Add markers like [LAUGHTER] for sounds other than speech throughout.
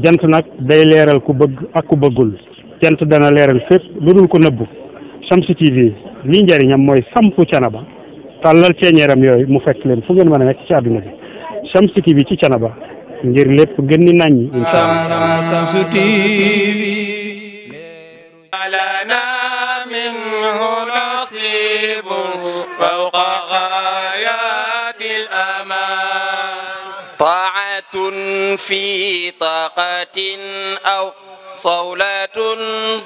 jant nag day leeral ku bëgg ak ku bëggul jant dana leeral fépp lu dul ko nëbbu Shamsu TV li njëriñam mooy sampu canaba tàllal ceeñeeram yooyu mu fekk leen fu ngeen mën a nekk ci àdduna bi Shamsu TV ci canaba ngir lépp gën ni naññi insha Allah Shamsu في طاقة أو صولة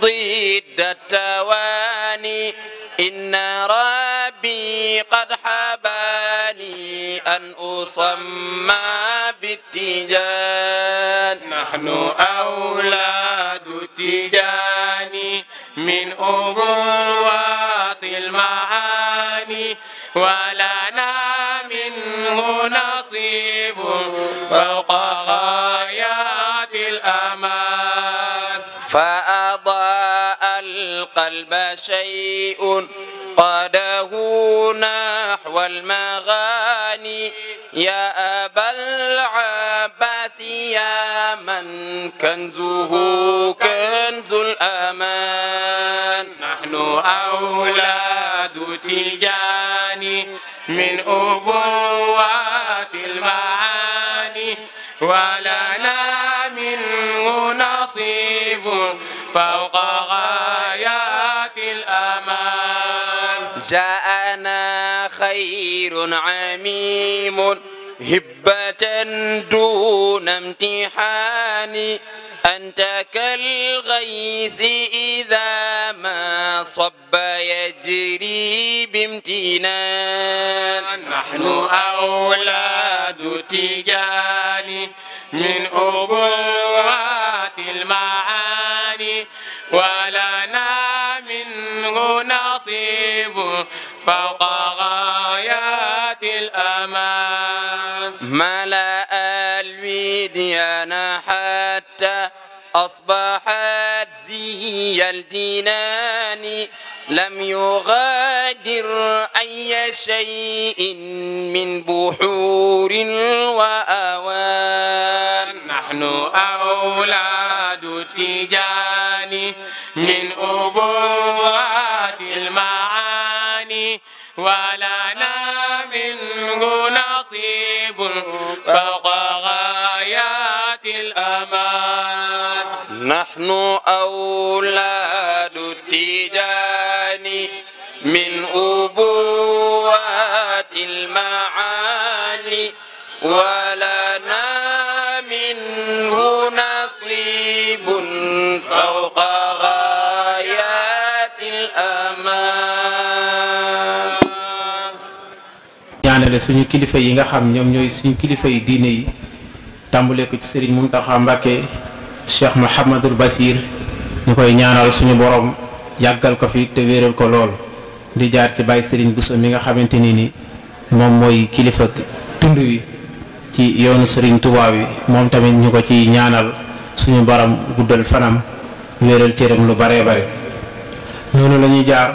ضد التواني إن ربي قد حباني أن أصمى بالتجان نحن أولاد التجان من أبوات المعاني ولنا منه نصيب فوق القلب شيء قاده نحو المغاني يا أبا العباس يا من كنزه كنز الأمان نحن أولاد تيجاني من أبوات المعاني ولنا منه نصيب فوق غير جاءنا خير عميم هبة دون امتحان أنت كالغيث إذا ما صب يجري بامتنان نحن أولاد تجاني من أبو فوق غايات الأمان ملأ الوديان حتى أصبحت زي الجنان لم يغادر أي شيء من بحور وأوان نحن أولاد تجار نحن أولاد التجان من أبوات المعاني ولنا منه نصيب فوق غايات الأمان يعني لسوني كلفة يوم نيوم نيوي سوني كلفة ديني تامبوليكو تسيري منتخام باكي Cheikh Mouhamadul basiir ñu koy ñaanal suñu borom yàggal ko fi te wéeral ko lool di jaar ci Baye Serigne Bousso mi nga xamante ni ni moom mooy kilifa tund wi ci yoonu sëriñ tubaab yi moom tamit ñu ko ci ñaanal suñu baram guddal fanam wéeral cëram lu baree bare noonu la ñuy jaar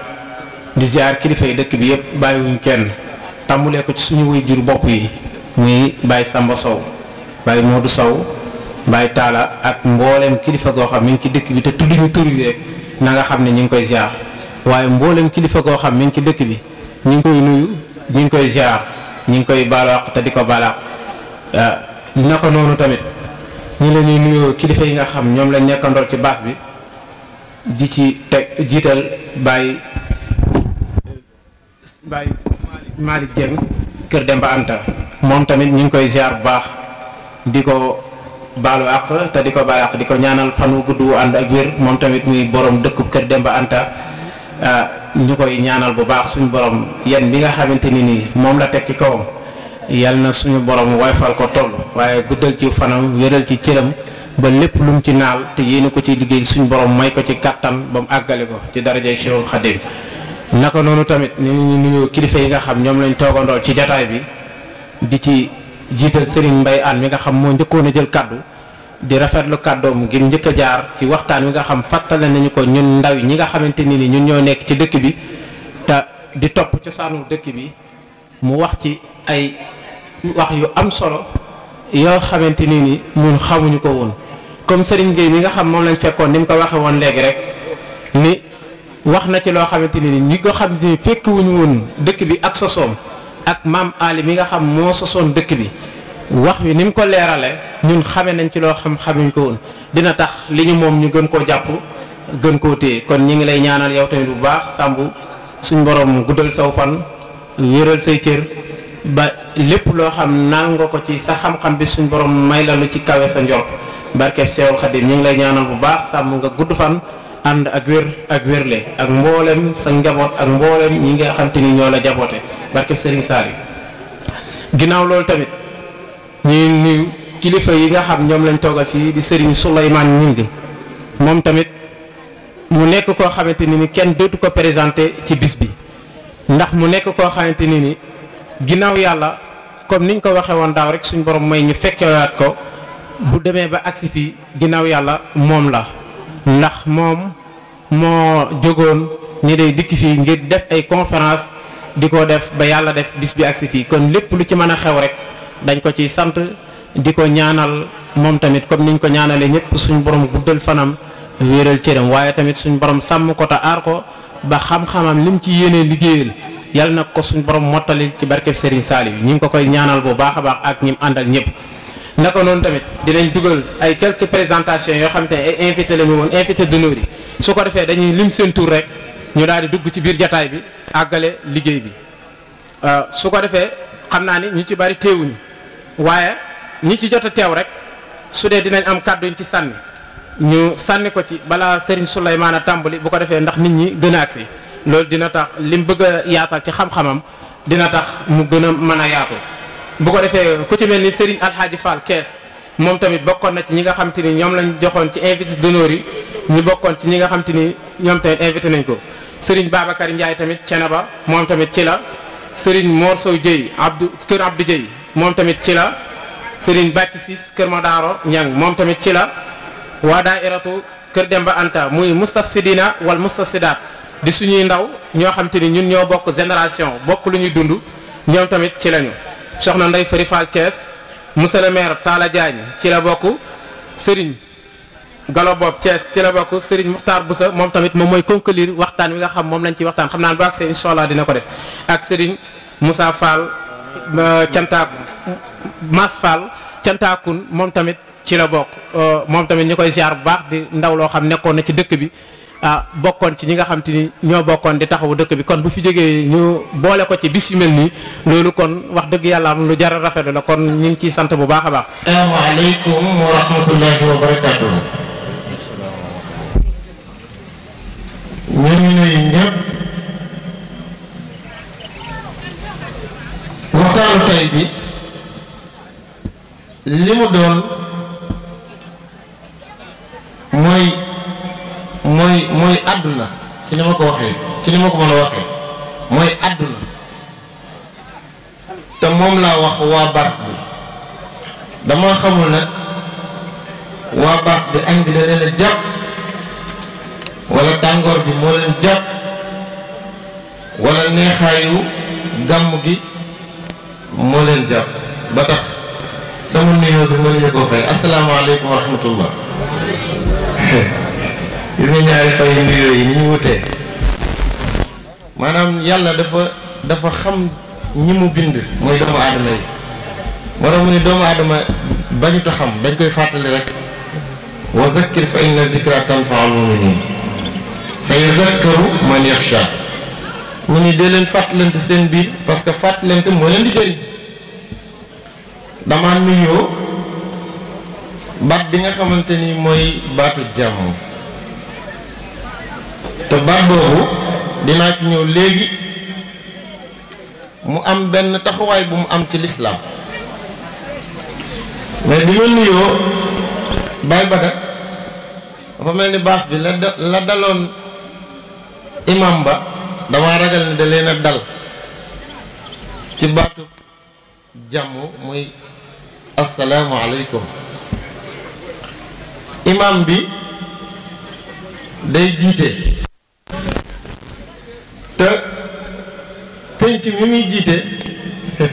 di jaar kilifa yi dëkk bi yëpp bàyyiwuñ kenn tàmbulee ko ci suñu waajur bopp yi muy Baye Samba Sow moo du Sow. Baye Talla ak mboolem kilifa goo xam mi ngi ci dëkk bi te tudd ñu tur bi rek na nga xam ne ñu ngi koy ziar waaye mboolem kilifa goo xam mi ngi ci dëkk bi ñu ngi koy nuyu ñu ngi koy ziar ñu ngi koy baalaax di ko baalaax ah, naka noonu tamit ñu la ñuy nuyoo kilifa yi nga xam ñoom lañ nekkandoor ci baas bi di ci teg jiital Baye Baye Malick Dieng Kër Demba moom tamit ñu ngi koy ziar bu baax di ko. baalu àq te di ko baal àq di ko ñaanal fan wu gudd wu ànd ak wér moom tamit muy borom dëkku kër Demba Anta ah, ñu koy ñaanal bu baax suñu borom yan bi nga xamante ni nii moom la teg ci kawam yal na suñu borom wayfal ko toll waaye guddal ci fanam wéral ci cëram ba lépp lu ci naal te yéen ko ci liggéey suñu borom may ko ci kattan ba àggale ko ci darajay Cheikhul Khadim kilifa yi nga xam ñoom lañ toogandool ci jataay bi di ci. jiital Serigne mbay Anne mi nga xam moo njëkkoon a jël kàddu di rafetlu kàddoom ngir njëkk a jaar ci waxtaan wi nga xam fàttale nañu ko ñun ndaw ñi nga xamante ni ni ñun ñoo nekk ci dëkk bi te di topp cosaanu dëkk bi mu wax ci ay wax yu am solo yoo xamante ni ni ñun xamuñu ko woon comme Serigne Gueye mi nga xam moom lañu fekkoon ni mu ko waxe woon léegi rek ni wax na ci loo xamante ni ni ñi ko xam ni fekk wuñu woon dëkk bi ak sosoom ak mam Ali mi nga xam moo sosoon dekk bi wax wi nim ko leerale ñun xamé nañ ci loo xam xamuñ ko won dina tax li ñu moom ñu gën ko japp gën ko téye kon ñi ngi lay ñaanal yow tamit bu baax sambu suñ borom guddal saw fan wëral say cër ba lepp lo xam nangoo ko ci sa xam-xam bi suñ borom may la lu ci kawé sa ndjor barkeb Seexul khadim ñi ngi lay ñaanal bu baax sambu nga gudd fan and ak wër ak wérle ak mbolém sa njabot ak mbolém ñi nga xam tini ñoo la jaboote barke Serigne Saliou ginnaaw loolu tamit ñuy nuyu kilifa yi nga xam ñoom lañ toogal fii di Serigne Souleymane Gningue moom tamit mu nekk koo xamante ni ni kenn dootu ko présenté ci bis bi ndax mu nekk koo xamante ni ni ginnaaw yàlla comme niñ ko waxee woon daaw rek suñ borom mooy ñu fekkewaat ko bu demee ba agsi fii ginnaaw yàlla moom la ndax moom moo jógoon ñi day dikk fii ngir def ay conférence di ko def ba yàlla def bis bi ak si fii kon lépp lu ci mën a xew rek dañ ko ciy sant di ko ñaanal moom tamit comme niñ ko ñaanalee ñëpp suñu borom guddal fanam wéeral cëram waaye tamit suñu borom sàmm ko te aar ko ba xam-xamam lim ci yéenee liggéeyal yal na ko suñu borom mottali ci barkeb Serigne Saliou ñu ngi ko koy ñaanal bu baax a baax ak ñim àndal ñëpp. naka noonu tamit dinañ dugal ay quelques présentation yoo xam te ne ay invité la ñu woon invité d'honneur ko defee dañuy lim tour rek ñu daal di dugg ci biir jataay bi. àggale liggéey bi euh, su ko defee xam naa ni ñu ci bari teewuñu waaye ñi ci jot a teew rek su dee dinañ am kàdduñ ci sànni ñu sànni ko ci balaa Serigne Souleymane a tàmbali bu ko defee ndax nit ñi gën a agsi loolu dina tax lim bëgg yaatal ci xam-xamam dina tax mu gën a mën a yaatu bu ko defee ku ci mel ni Serigne Alhaji Fall Kees moom tamit bokkoon na ci ñi nga xam te ni ñoom lañ joxoon ci invité d'honneur yi ñu bokkoon ci ñi nga xam te ni ñoom tamit invité nañ ko. sëriñ Babacar Ndiaye tamit Cenaba moom tamit ci la sëriñ Mor Sow Dieye Abdou kër Abdou Dieye moom tamit ci la sëriñ Bàcc Sis kër Madaaro Ñang moom tamit ci la waa daairatu kër Demba Anta muy mustasidina wal mustasidaat di suñuy ndaw ñoo xam te ni ñun ñoo bokk génération bokk lu ñuy dund ñoom tamit ci lañu soxna Ndey Fari Fall Thiès monsieur le maire Talla Diagne ci la bokk sëriñ galo ties ci la bokk Serigne Muxtaar Boussa mom tamit mom moy conclure waxtan wi nga xam mom lañ ci waxtan xamna bu àggsee incha allah dina ko def ak Serigne Moussa Fall Cantaak Mas Fall Cantaakun mom tamit ci la bokk mom tamit ñukoy ziar bu baax di ndaw lo xam nekkon na ci dëkk bi ah bokkoon ci ñi nga xam te ni ñoo bokkoon di taxawu dëkk bi kon bu fi jégué ñu boole ko ci bis yu melni lolu kon wax dëgg yàlla am lu jar a la kon ñi ci sante bu baaxa baax assalamu alaykum wa rahmatullahi wa barakatuh waxtaanu tey bi li mu doon mooy mooy mooy àdduna ci li ma ko waxee ci li ma ko mën a waxee mooy àdduna te moom laa wax waa bi dama xamul nag waa bi añ bi da leen a jàpp wala tàngoor bi moo leen jàpp wala neexaayu gàmm gi مولين جاب بطخ سمني هذا مولين جاب فاي السلام عليكم ورحمة الله إذن يا أخي فاي نيو نيو تي ما نام يلا دفع دفع خم نمو بند ما يدوم عادم أي مرة من يدوم عادم بني تخم بني كوي فاتل لك وذكر فإن ذكرى تنفع المؤمنين سيذكر من يخشى mu ni dee leen fàttalante seen biir parce que fàttalante moo leen di jëriñ dama nuyoo baat bi nga xamante ni mooy baatu jàmm te baat boobu dinaa ci ñëw léegi mu am benn taxawaay bu mu am ci lislaam mais bi ma nuyoo baay badat dafa mel ni baas bi la daloon imam ba dama ragal ne da leen a dal ci baatu jàmm muy asalaamualeykum imam bi day jiite te pénc mi muy jiite [LAUGHS]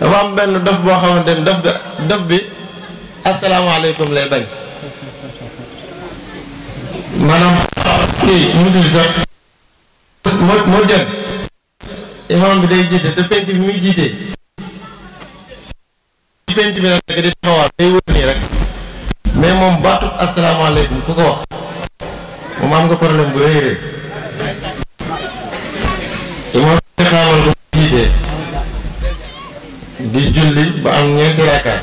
dama am benn dof boo xamante dof bi dof bi asalaamaaleykum lay bañ maanaam kii mu dul sax moo moo imaam bi day jiite te penc bi muy jiite penc bi rek mais moom baatu asalaamaaleykum ku ko wax moom am nga problème bu rëy rëy imaam di julli ba am ñeenti raakaar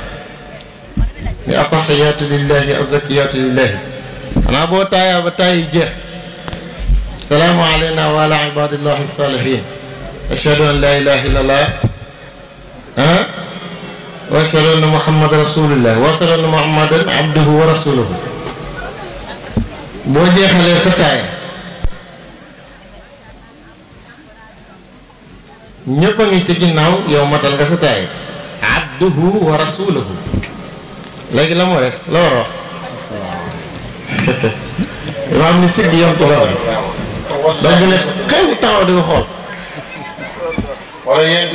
ni attahiyaatu lillahi azzakiyaatu lillahi xanaa boo taayaa ba taay jeex السلام علينا وعلى عباد الله الصالحين أشهد أن لا إله إلا الله أه؟ وأشهد أن محمد رسول الله وأشهد أن محمد عبده ورسوله بوجه خلي ستاي نيبا مي يوم تلقى ستاي عبده ورسوله لكن لا مورس لا روح امام نسيد يوم تلقى doo gën a xew taxaw di ko xool. wala yéen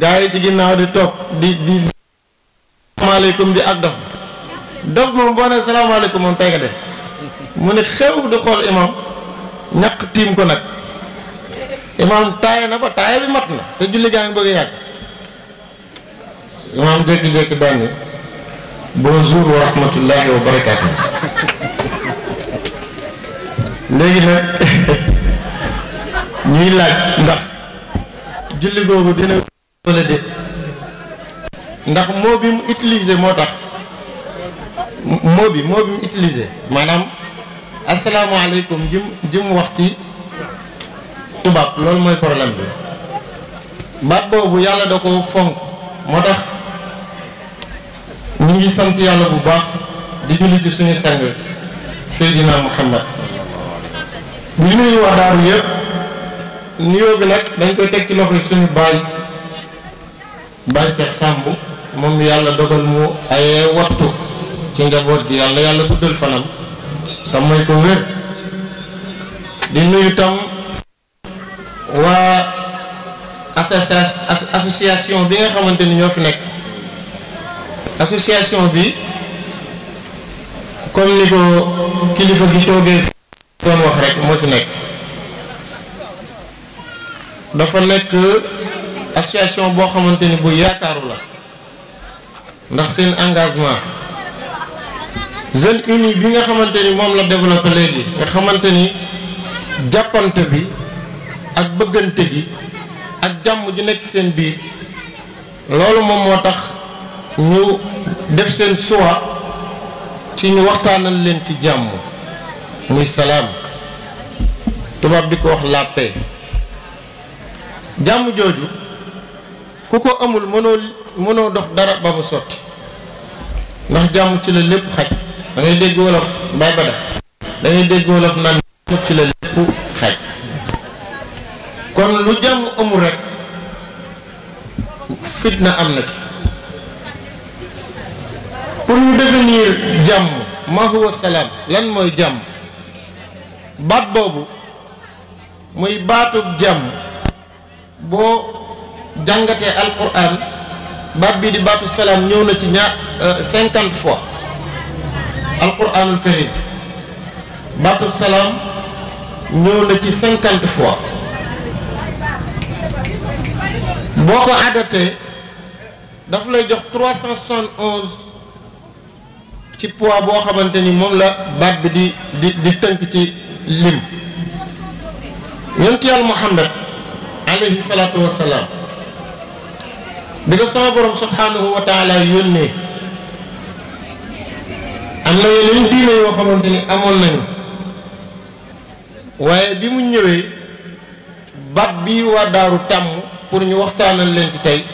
gaa yi ci ginnaaw di toog di di. di ak dof dof moom boo nee salaamaaleykum moom tey nga def mu ne xew di xool imam ñàq tiim ko nag imam taaya na ba taaya bi mat na te julli gaa ngi bëgg yàgg. imam jékki-jékki daan ni bonjour wa wa barakaatu. léegi nag ñuy laaj ndax julli googu dina wala déet ndax moo bi mu utilisé moo tax moo bi moo bi mu utilisé maanaam asalaamaaleykum jim jim wax ci tubaab loolu mooy problème bi baat boobu yàlla da ko fonk moo tax ñu ngi sant yàlla bu baax di julli ci suñu sang Seydina Muhammad li ñuy wax daaru yëpp nuyoo bi nag dañ koy teg ci loxo suñu baay baay Cheikh Samb moom yàlla dogal mu ayee wattu ci njaboot gi yàlla yàlla guddal fanam te mooy ko wér di nuyu tam waa association bi nga xamante ni ñoo fi nekk association bi comme ni ko kilifa gi toogee doon moo ci nekk dafa nekk association boo xamante ni bu yaakaaru la ndax seen engagement jeune uni bi nga xamante ni moom la développé léegi nga xamante ni jàppante bi ak bëggante gi ak jàmm ji nekk seen biir loolu moom moo tax ñu def seen choix ci ñu waxtaanal leen ci jàmm muy salaam tubaab di ko wax la jàmm jooju ku ko amul mënoo mënoo dox dara ba mu sotti ndax jàmm ci la lépp xaj da ngay dégg wolof bay bada ci la lépp xaj kon lu jàmm amul rek fitna am na ci pour ñu définir jàmm ma huwa salaam lan mooy jàmm baat boobu muy baatub jàmm boo jàngatee alquran baat bii di baatu salaam ñëw na ci ñaar euh, cinquante fois alquranul karim baatub salaam ñëw na ci cinquante fois boo ko àddatee dafa lay jox trois cent soixante onze ci poids boo xamante ni moom la baat bi di di di tënk ci lim yonent yàlla Muhammad alayhi salaatu wassalaam bi ko sama boroom subhaanahu wa taala yónnee am na yeneen diine yoo xamante ni amoon nañu waaye bi mu ñëwee baat bi waa daaru tàmm pour ñu waxtaanal leen ci tey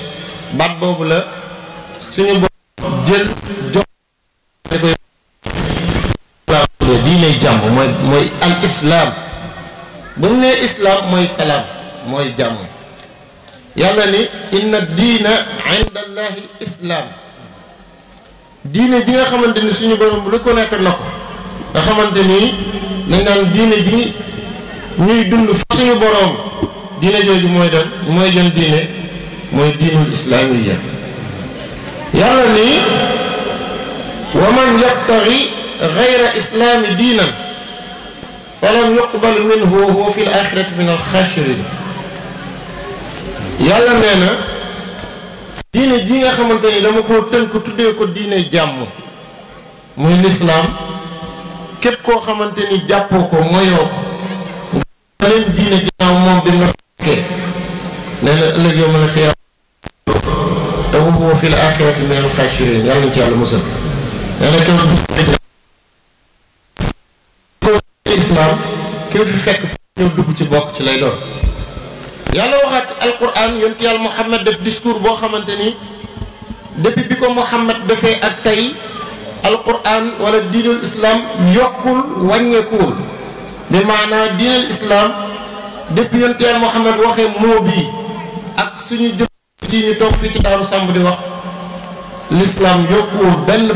baat boobu la suñu borom jël diine jàmm mooy mooy al islaam bu nee islaam mooy salaam mooy jàmm yàlla ni inna diina inda allahi islaam diine ji nga xamante ni suñu borom reconnaître na ko nga xamante ni dañ naan diine ji ñuy dund suñu borom diine jooju mooy doon mooy doon diine mooy diinul islaamiya yàlla ni wa man غير إسلام دينا فلن يقبل منه وهو في الآخرة من الخاشرين يلا نينا دين دين خمنتني لما كنت تنك تدي كو دين جامو موي الاسلام كيب كو خمنتني جابو كو مويو دين دين جامو مو بن فك نينا الله يوم القيامة في الآخرة من الخاشرين يلا نتي على يلا كنت islam képp fi fekk ñu dugg ci bok ci lay doon yalla waxat alquran yent yalla Muhammad def discours bo xamanteni depuis bi ko Muhammad defé ak tay alquran wala dinul islam yokul wàññeekuwul bi mana dinul islam depuis yent yalla Muhammad waxe mo bi ak suñu jëm di ñu tok fi ci daru sambu di wax l'islam yokkuwul benn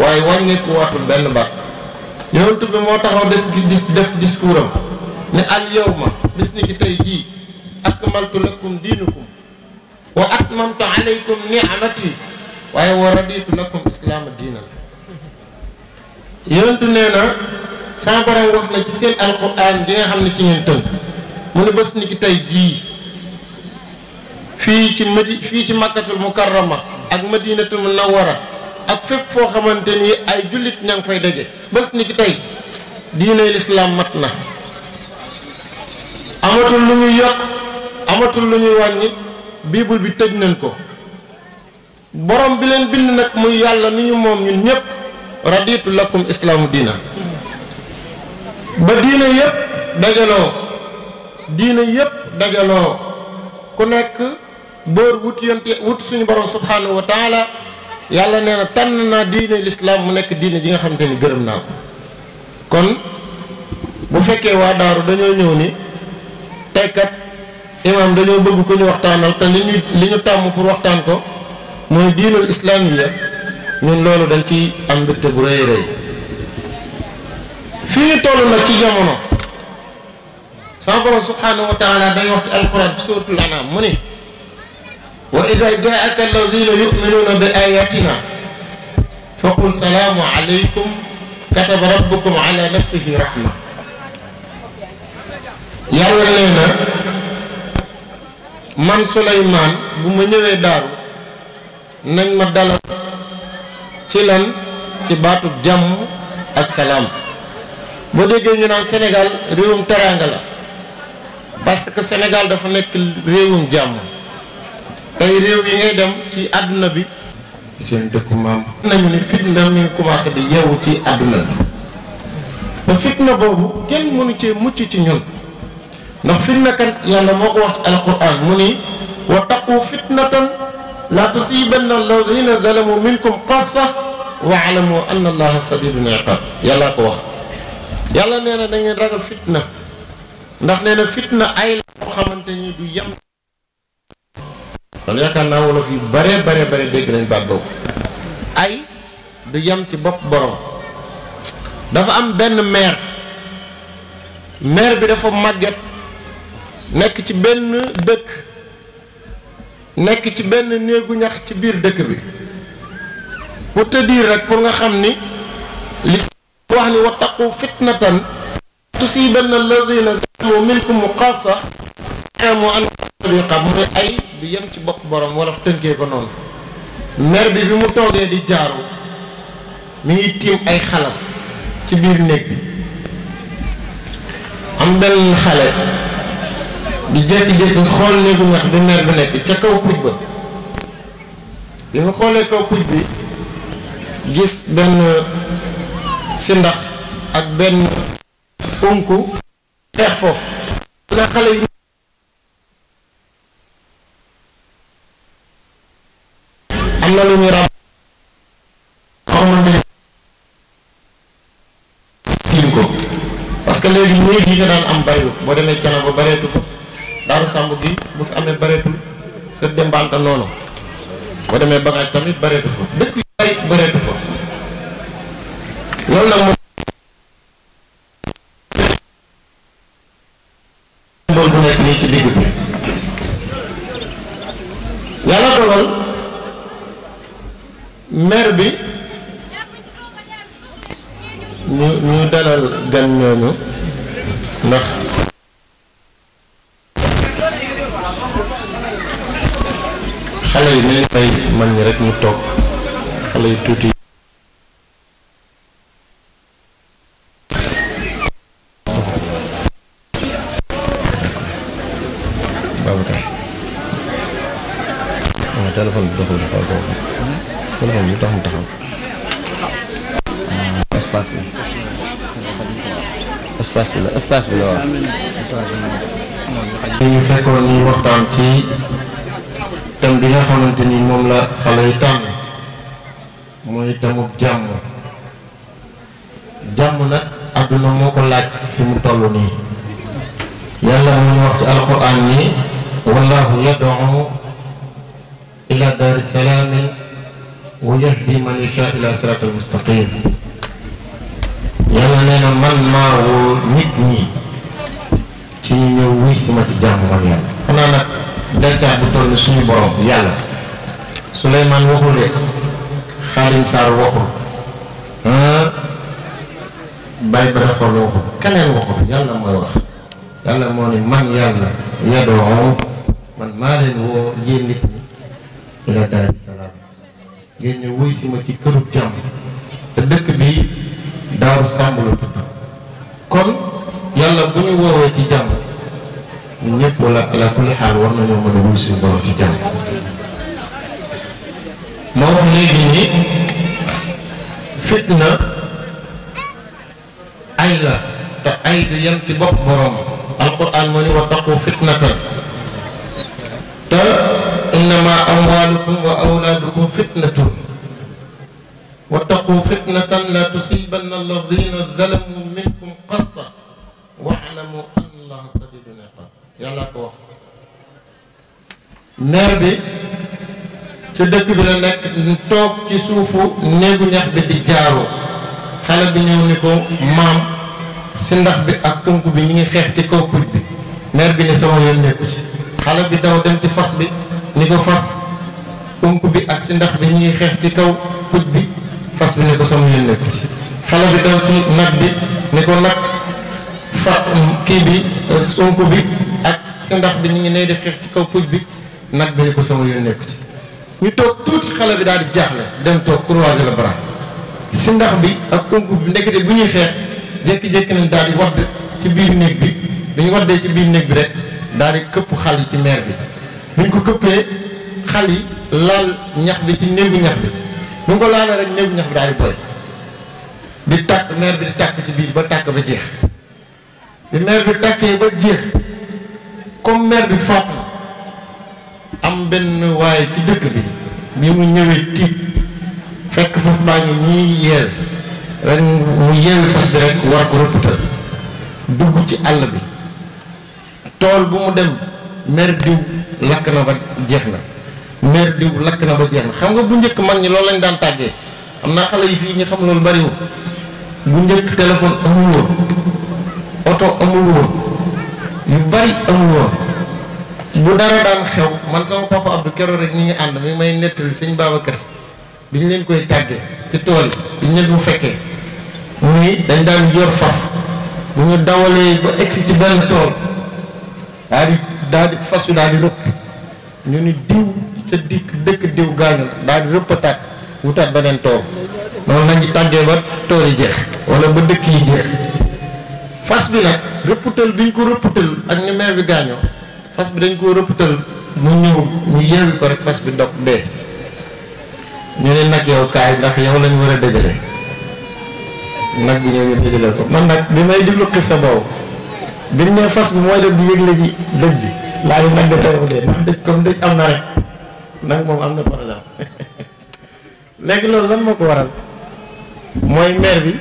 waaye wàññeekuwaatul ben ba yonent bi moo taxaw des def discours am ne al yawma bis ni ki tey jii akmaltu lakum diinukum wa atmamtu alaykum ni'mati waaye wa raditu lakum islaama diinan yonent nee na sama borom wax na ci seen alquran gi nga xam ne ci ngeen tënk mu ne bés ni ki tey jii fii ci madi fii ci makkatul mukarrama ak madinatul munawwara ak fépp foo xamante ni ay jullit ña ngi fay daje bés ni ki tey diine lislaam mat na amatul lu ñuy yokk amatul lu ñuy wàññi biibul bi tëj nañ ko borom bi leen bind nag muy yàlla ni ñu moom ñun ñëpp raditu lakum islaamu diina ba diine yëpp dajaloo diine yëpp dajaloo ku nekk dóor wut yonte wut suñu borom subhanahu wa yàlla nee na tànn naa diine lislaam mu nekk diine ji nga xamante ni gërëm naa ko kon bu fekkee waa daaru dañoo ñëw ni tey kat imaam dañoo bëgg ko ñu waxtaanal te li ñu tàmm pour waxtaan ko mooy diinul islaamiya ñun loolu dañ ci am mbégte bu rëy rëy fii ñu nag ci jamono sama borom subhanahu wa taala day wax ci alquran suratul anam mu ni wa iza jaaka alladina yuminuuna bi ayatina faqul salaamu aleykum kataba rabbukum ala nafsihi rahma yàlla nee man Suleymaan bu ma ñëwee daaru nañ ma dalal ci lan ci baatub jàmm ak salaam boo déggee ñu naan Sénégal réewum teraanga la parce que Sénégal dafa nekk réewum jàmm tey réew yi ngay dem ci àdduna bi seen dëkku maam nañu ni fitna mi ngi commencé di yeewu ci àdduna bi te fitna boobu kenn mënu cee mucc ci ñun ndax fitna kan yàlla moo ko wax ci alquran mu ni wa taqu fitnatan la tusibanna alladina zalamu minkum xassa wa alamu anna allaha sadidun iqab yàlla ko wax yàlla nee na da ngeen ragal fitna ndax nee na fitna ay la boo xamante ni du yem kon yaakaar naa wolof yu bare bare bare dégg nañ baat boobu ay du yem ci bopp borom dafa am ben maire maire bi dafa màgget nekk ci benn dëkk nekk ci benn néegu ñax ci biir dëkk bi pour te dire rek pour nga xam ni li wax ni wattaqu fitnatan tusibanna alladina zalamu minkum xaasa amu an tabiqa muy ay du yem ci bopp borom wala tënkee ko noonu mer bi bi mu toogee di jaaru mi ngi tiim ay xalam ci biir néeg bi am benn xale di jékki-jékki xool néegu ñax mer bi nekk ca kaw puj ba bi mu xoolee kaw puj bi gis benn sindax ak benn unku xeex foofu na xale yi am na lu ñu rab xamante ko que léegi néeg yi daan am bariwul boo demee cana ba bareetu fa daaru sàmb gi bu fi amee bareetul kër dembanta noonu boo demee bagaaj tamit bareetu fa dëkk yu bari bareetu fa loolu nag ñaareel bi ñu ñu dalal gan ñooñu ndax xale yi nañ may man ñi rek ñu toog xale yi tuuti espace bi la espace bi la waaw. ñu fekkoon ñu waxtaan ci thème bi nga xamante ni moom la xale yi tànn mooy thème jàmm jàmm nag àdduna moo ko laaj fi mu toll nii. yàlla mu wax ci alquran ni wallahu ila daari wa yahdi man yasha ila yàlla nee na man maa woo nit ñi ci ñëw wuy si ma ci jàmm man yàlla xanaa nag derkaat bu toll suñu borom yàlla Souleymane waxul de Xaalim Sarr waxul Baye Bara Fall waxul keneen waxul yàlla mooy wax yàlla moo ne man yàlla yadoo man maa leen woo yéen nit ñi ila daari salaam ngeen ñu wuy si ci këru jàmm te bi daaru sàmb la tudd kon yalla bu ñu woowee ci jàmm ñepp wala ala kulli xaal war nañoo mën a wuyu suñu borom ci jàmm mo ngi ni fitna ay la ta ay du yam ci bop borom alquran mo ni wa taqu fitnatan te innama amwalukum wa awladukum fitnatun واتقوا فتنة لا تصيبن الذين ظلموا منكم قصة واعlamu anna allaha sadidul iqab yàlla ko wax meer bi ci dëkk bi la nekk toog ci suufu néegu ñax bi di jaaroo xale bi ñëw ni ko maam si ndax bi ak unk bi ñu ngi xeex ci kaw puj bi meer bi ni sama yoon nekku ci xale bi daw dem ci fas bi ni ko fas unk bi ak si ndax bi ñu ngi xeex ci kaw puj bi fas bi ne ko sama yéen nekku ci xale bi daw ci nag bi ne ko nag fa kii bi unku euh, bi ak sa ndax bi ñu ngi nee di xeex ci kaw puj bi nag bi ne ko sama yéen nekku ci ñu toog tuuti xale bi daal di jaaxle dem toog croiser le bras si ndax bi ak unku bi ndekete bu ñuy xeex jékki-jékki nañ daal di wadd ci biir néeg bi bi ñu waddee ci biir néeg bi rek daal di këpp xal yi ci meer bi bu ñu ko këppee xal yi laal ñax bi ci néegu ñax bi bu ko laalee rek néeg ñax bi daal di booy di tàkk meer bi di tàkk ci biir ba tàkk ba jeex bi meer bi tàkkee ba jeex comme meer bi faat na am benn waaye ci dëkk bi bi mu ñëwee tiit fekk fas baa ngi ñuy yeel rek mu yeewi fas bi rek war ko rëppatal dugg ci àll bi tool bu mu dem meer diw lakk na ba jeex na mer diw lak na ba jeex xam nga bu njëkk mag ñi loolu lañ daan tagge am naa xale yi fi ñi xam loolu wu bu njëkk téléphone amu woon auto amu woon yu bari amu woon bu dara daan xew man sama papa Abdou Kero rek ñi ngi ànd mi may nettali sëñ babakar Si leen koy tagge ci tool biñ leen bu fekke ni dañ daan yor fas bu ñu dawalee ba ex ci ben tool daal di daal di daal ñu ni diw te dik dekk diw gañu daal di rëppataat wutaat beneen tool noonu lañu tàggee ba tool yi jeex wala bu dekk yi jeex fas bi nag rëpputal biñ ko rëpputal ak ni mer bi gaañoo fas bi dañ ko rëpputal mu ñëw ñu yeewi ko rek fas bi dok dee ñu ne nak yow kay ndax yow lañu wara a nak bi ñu ñu dëjale ko man nak bi may diglu xis sa boobu bi ñu fas bi moy dem di yëgle ji dëj bi laa ñu nak de tay bu de ndax comme dëj am na rek nag moom am na problème léegi loolu lan ma ko waral mooy maire bi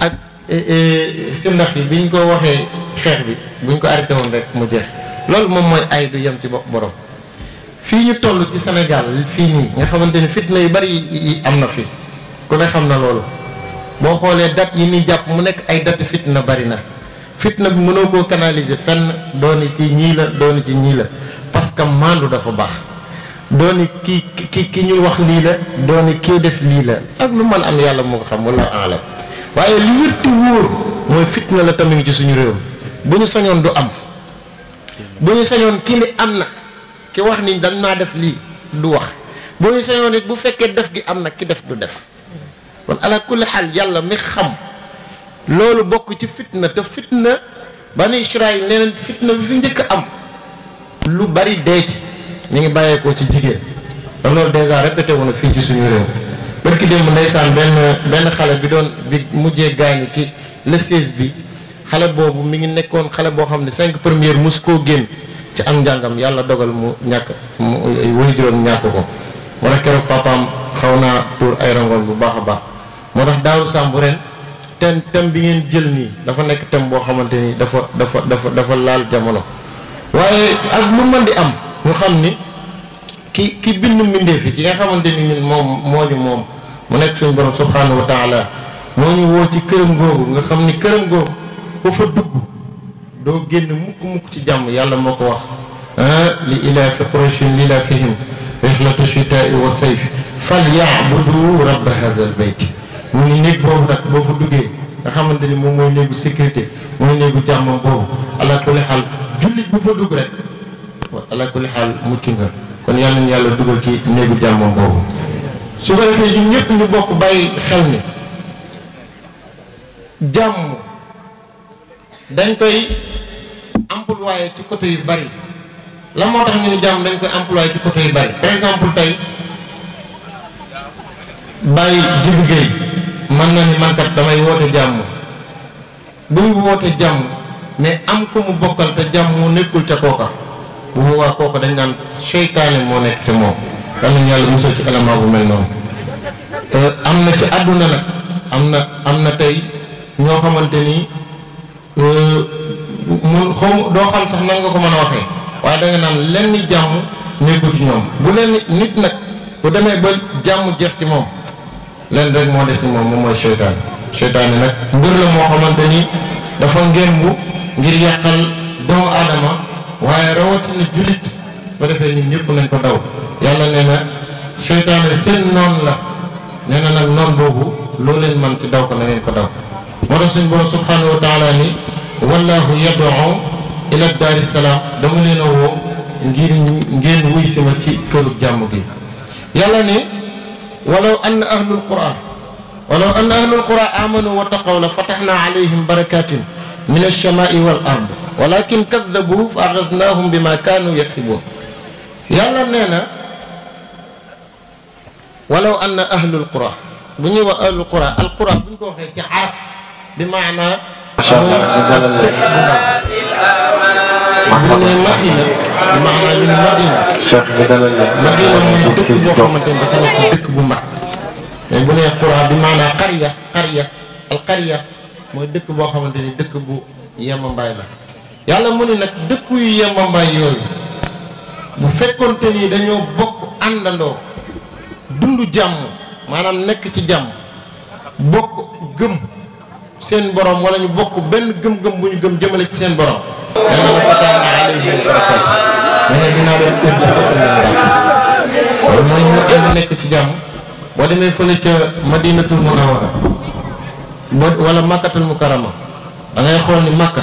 ak eh, eh, sindax yi bi ñu ko waxee xeex bi bu ñu ko arrêté woon rek mu jeex loolu moom mooy ay du yem ci bopp borom fii ñu toll ci senegal fii nii nga xamante ni fitna yu bari yi am na fi ku ne xam na loolu boo xoolee date yi ñuy jàpp mu nekk ay date fitna bari na fitna bi mënoo koo canaliser fenn dooni ci ñii la dooni ci ñii la parce que maandu dafa baax dooni ki ki ki ñuy wax lii la dooni kii def lii la ak lu mën am yàlla moo ko xam wala alam waaye li wérti wóor mooy fitna la tamit ci suñu réew bu ñu sañoon du am bu ñu sañoon kii ni am na ki wax ni dañ naa def lii du wax bu ñu sañoon it bu fekkee def gi am na ki def du def kon ala xaal yàlla mi xam loolu bokk ci fitna te fitna bani Israayil nee na fitna bi fi njëkk am lu bari dee ci ñu ngi bàyyeekoo ci jigéen te loolu dèjà répété wu na fii ci suñu réew. barki démb ndeysaan benn benn xale bi doon bi mujjee gaañu ci le 16 bi xale boobu mi ngi nekkoon xale boo xam ne cinq première mus koo génn ci am njàngam yàlla dogal mu ñàkk mu wéy juróom ñàkk ko. moo tax keroog papaam xaw naa tuur ay rangoon bu baax a baax moo tax Daaru Samb ren thème thème bi ngeen jël nii dafa nekk thème boo xamante ni dafa dafa dafa dafa laal jamono وخامني كي كي بين من دفي كي خامن دني من مم موج مم منك سين برم سبحان وتعالى مم وجه كرم غو خامني كرم غو وفدق دو جن مك مك تجام يلا مكوا لا إلى في قريش لا فيهم رحلة الشتاء والصيف فليعبدوا رب هذا البيت من نيك بوب نك بفدق خامن دني مم موج نيك سكرتي موج نيك تجام بوب على كل حال جل بفدق ala kulli xaal mucc nga kon yàlla nañu yàlla dugal ci néegu jàmmam boobu su ko defee ñun ñëpp ñu bokk bàyyi xel ni jàmm dañ koy employé ci côté yu bari moo tax ñu ne jàmm dañ par exemple tey bàyyi Jibi Gueye man na ni mankat damay woote jàmm buy woote jàmm mais am ko mu bokkal te jàmm mu nekkul ca kooka bu boobaa kooku dañ naan seytaane moo nekk ci moom yàlla na yàlla musal ci élément bu mel noonu am na ci àdduna nag am na am na tey ñoo xamante ni euh, mu xaw doo xam sax nan nga ko mën a waxee waaye da nga naan lenn jàmm nekkul ci ñoom bu leen nit nag bu demee ba jàmm jeex ci moom lenn rek moo des ci moom moom mooy seytaane seytaane nag mbir la moo xamante ni dafa ngémbu ngir yàqal doomu aadama waaye rawatina julit ba defé ñun ñëpp nañ ko daw yàlla neena na sen non la neena nak non bobu lo leen man ci daw ko nañ ko daw mo do suñ borom subhanahu wa taala ni wallahu yad'u ila dar salam dama leen a woo ngir ngeen wuy sama ci tolu jàmm gi yàlla ne walaw ann ahlul quran walaw ann ahlul quran amanu wa taqaw la fataxna alayhim barakatin min alsamaai wal ard walakin kaddabu fa axasnaahum bi ma kaanu yaksibuun yàlla nee na walaw anna ahlul qura bu ñuy wax ahlul qura al qura bu ñu ko waxee ci arab bi maanaa bu ne madina maanaa ñun madina madina mooy dëkk boo xamante ni dafa nekk dëkk bu mag mais bu nee qura bi maanaa xariya xariya al xariya mooy dëkk boo xamante ni dëkk bu yemambaay la yàlla mu ne nag dëkku yu yemambaay yooyu bu fekkonte ni dañoo bokk àndandoo dund jàmm maanaam nekk ci jàmm bokk gëm seen borom wala ñu bokk benn gëm-gëm bu ñu gëm jëmale ci seen borom. dana mooy ñu ànd nekk ci jàmm boo demee fële ca madinatul munawara boo wala makkatul mukarama da xool ni makka.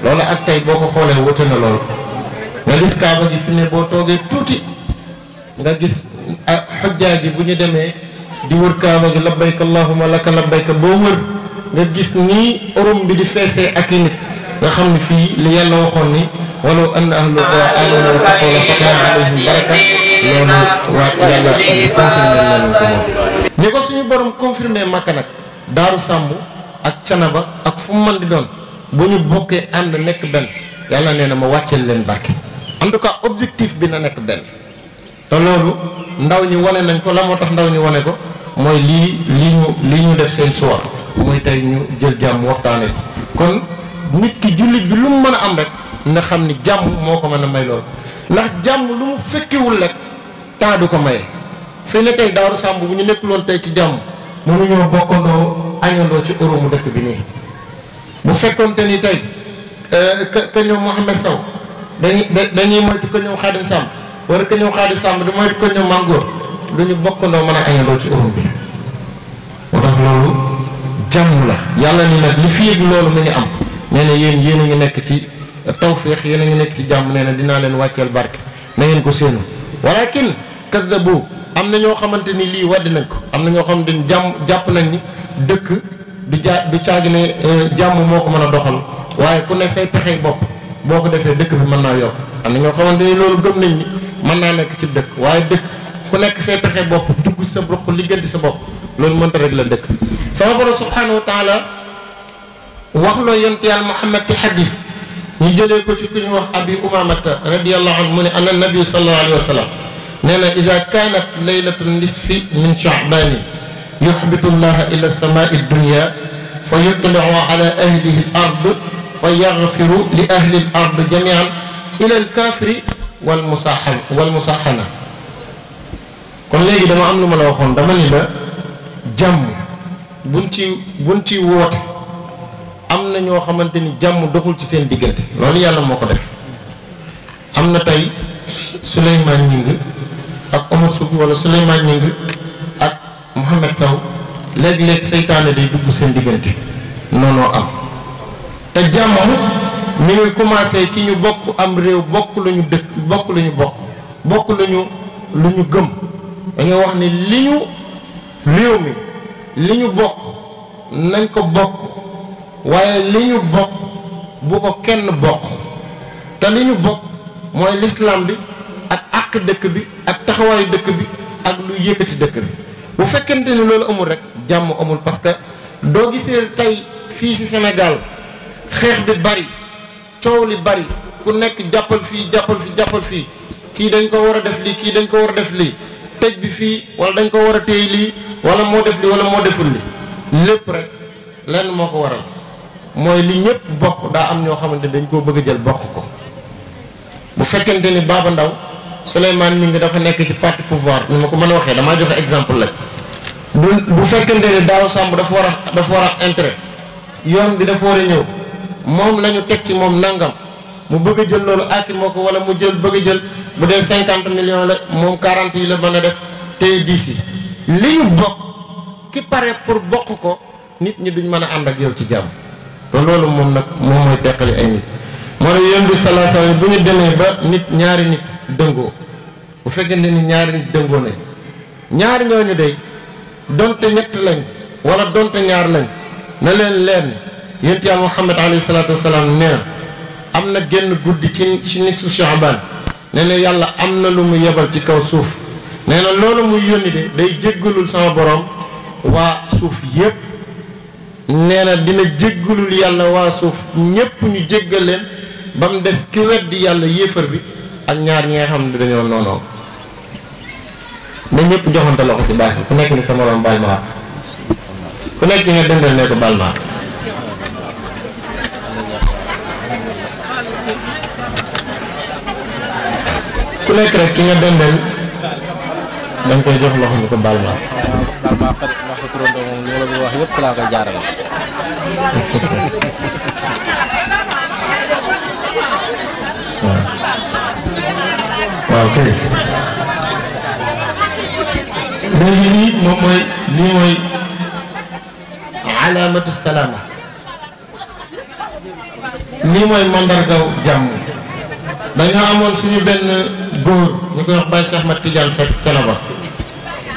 Lola ak tay boko xolé xoolee na loolu na gis kaaba gi fi ne boo toogee nga gis ah, di wër kaaba gi labbayk allahumma laka labbayk bo wër nga gis ni orum bi di fessé ak nit nga xam ne fii li yalla waxon ni walau anna ahlul qura amanu wa taqaw la fataha alayhim baraka lolu wa yalla ko suñu borom confirmer Makka nak daru sambu ak ak fu man di doon bu ñu bokkee ànd nekk benn yàlla nee na ma wàcceel leen barke en tout cas objectif bi na nekk benn te loolu ndaw ñi wane nañ ko la moo tax ndaw ñi wane ko mooy lii lii ñu lii ñu def seen suwar mooy tey ñu jël jàmm waxtaane ci kon nit ki jullit bi lu mu mën a am rek nga xam ni jàmm moo ko mën a may loolu ndax jàmm lu mu fekkiwul rek temps du ko may fii ne tey Daaru Sàmb bu ñu nekkuloon tey ci jàmm mënuñoo bokkandoo añandoo ci oromu dëkk bi nii bu fekkonte ni tey que euh, ñoom Mouhamed Sow dañuy dañuy moytu que ñoom Khadim Samb wala que ñoom Khadim Samb du moytu que ñoom Mangor du ñu mën a añandoo ci urne bi. moo tax loolu jàmm la yàlla ni nag li fi yëg loolu mu ngi am nee na yéen a ngi nekk ci tawféex yéen a ngi nekk ci jàmm nee dinaa leen wàcceel barke na ngeen ko séenu walakin kaddabu am na ñoo xamante ni lii wàddi nañ ko am na ñoo xamante ni jàmm jàpp nañ ni dëkk. du ja du caagine euh, jàmm moo ko mën a doxal waaye ku ne say pexey bopp boo ko defee dëkk bi mën naa yokk am na ñoo xamante ni loolu gëm nañ ni mën naa nekk ci dëkk waaye dëkk ku nekk say pexey bopp dugg sa bopp liggéenti sa bopp loolu mënta rek la dëkk sama borom subhanahu wa taala wax loo yonent yàlla Muhammad ci xadis ñu jëlee ko ci ku ñu wax abi umamata radiallahu anhu mu ne ana nabi sallallahu alayhi wa sallam nee na ida kaanat laylatu nisfi min chaabani يحبط الله إلى السماء الدنيا فيطلع على اهل الأرض فيغفر لأهل الأرض جميعا إلى الكافر والمصحن والمصحنة كل لي إذا ما أمن ما لوخون دمني لا جم بنتي بنتي وات أمن نيو خمنتني جم دخل تسين دقت لولي على ما قدر أمن تاي سليمان نينغ أكمل سوبي ولا سليمان نينغ Mouhamed Sow léeg-léeg seytaane day dugg seen diggante noonoo am te jamono ñu ngi commencé ci ñu bokk am réew bokk lu ñu dëkk bokk lu ñu bokk bokk lu ñu gëm dañoo wax ni li ñu mi li ñu bokk nañ ko bokk waaye li ñu bokk bu ko kenn bokk te li ñu bokk mooy lislaam bi ak àq dëkk bi ak taxawaayu dëkk bi ak lu yëkkati dëkk bi bu fekkente ni loolu amul rek jàmm amul parce que doo gisee tey fii ci senegal xeex bi bari coow li bari ku nekk jàppal fii jàppal fii jàppal fii kii dañ koo war a def lii kii dañ ko war a def lii tëj bi fii wala dañ koo war a téye lii wala moo def lii wala moo deful lii lépp rek lenn moo ko waral mooy li ñëpp bokk daa am ñoo xamante dañ koo bëgg a jël bokk ko bu fekkente ni Baba Ndaw mi nga dafa nek ci parti pouvoir ni mako ko waxe dama joxe exemple la bu bu fekkente ne daaw sàmb dafa wara dafa wara intérêt yoon bi dafa wara ñew mom lañu tek ci mom nangam mu bëgg jël lolu ak moo wala mu jël bëgg jël bu dee 50 millions la mom 40 yi la mëna def té dix li ñu ki pare pour bok ko nit ñi duñ mëna and ak yow ci jamm lolu mom nak mom moy mooy ay nit moo tax yéen bi bu ñu demee ba nit ñaari nit dëngoo bu fekkee ne ni ñaari nit dëngoo nañ ñaari ñooñu dey donte ñett lañ wala donte ñaar lañ na leen leer ne yéen yàlla Muhammad alayhi salaatu wasalaam nee na am na genn guddi ci ci nisfu Shaaban nee na yàlla am na lu mu yebal ci kaw suuf nee na loolu muy yónni de day jéggalul sama borom waa suuf yépp nee na dina jéggalul yàlla waa suuf ñépp ñu jéggal leen Bam dess des ki weddi yalla yéefar bi ak ñaar ñi nga xam ne dañoo noonoo na ñëpp joxante loxo ci baax ku nekk ni sa morom balma ku nekk ni dëndal ne ko balma ku nekk rek ki nga dëndal dañ koy jox loxo ni ko wax wax [LAUGHS] oke. Ini lii moom mooy lii mooy alaamatu salaam lii mooy mandargaw jàmm dañoo amoon suñu benn góor ñu koy wax Baye Cheikh Ahmad Tidiane Seck Thiénaba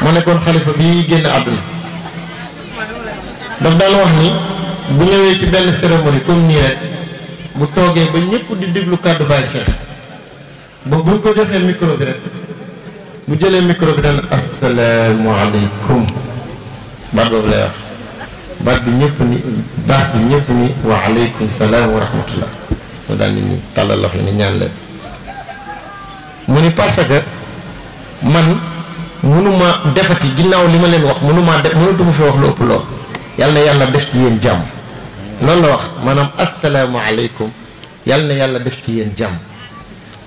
moo nekkoon xalifa bi génn àdduna daf daan wax ni bu ci cérémonie comme rek bu ba di déglu Cheikh ba buñ ko joxee micro bi rek bu jëlee micro bi daan asalaamaaleykum baat boobu lay wax baat bi ñëpp ni baas bi ñëpp ni wa aleykum salaam wa rahmatullah mu daal ni ñu tàllal loxo ni ñaan leen mu ni parce que man mënuma defati ginnaaw li ma leen wax mënuma def mënatuma fi wax lu ëpp lool yàlla na yàlla def ci yéen jàmm loolu la wax maanaam asalaamaaleykum yàlla na yàlla def ci yéen jàmm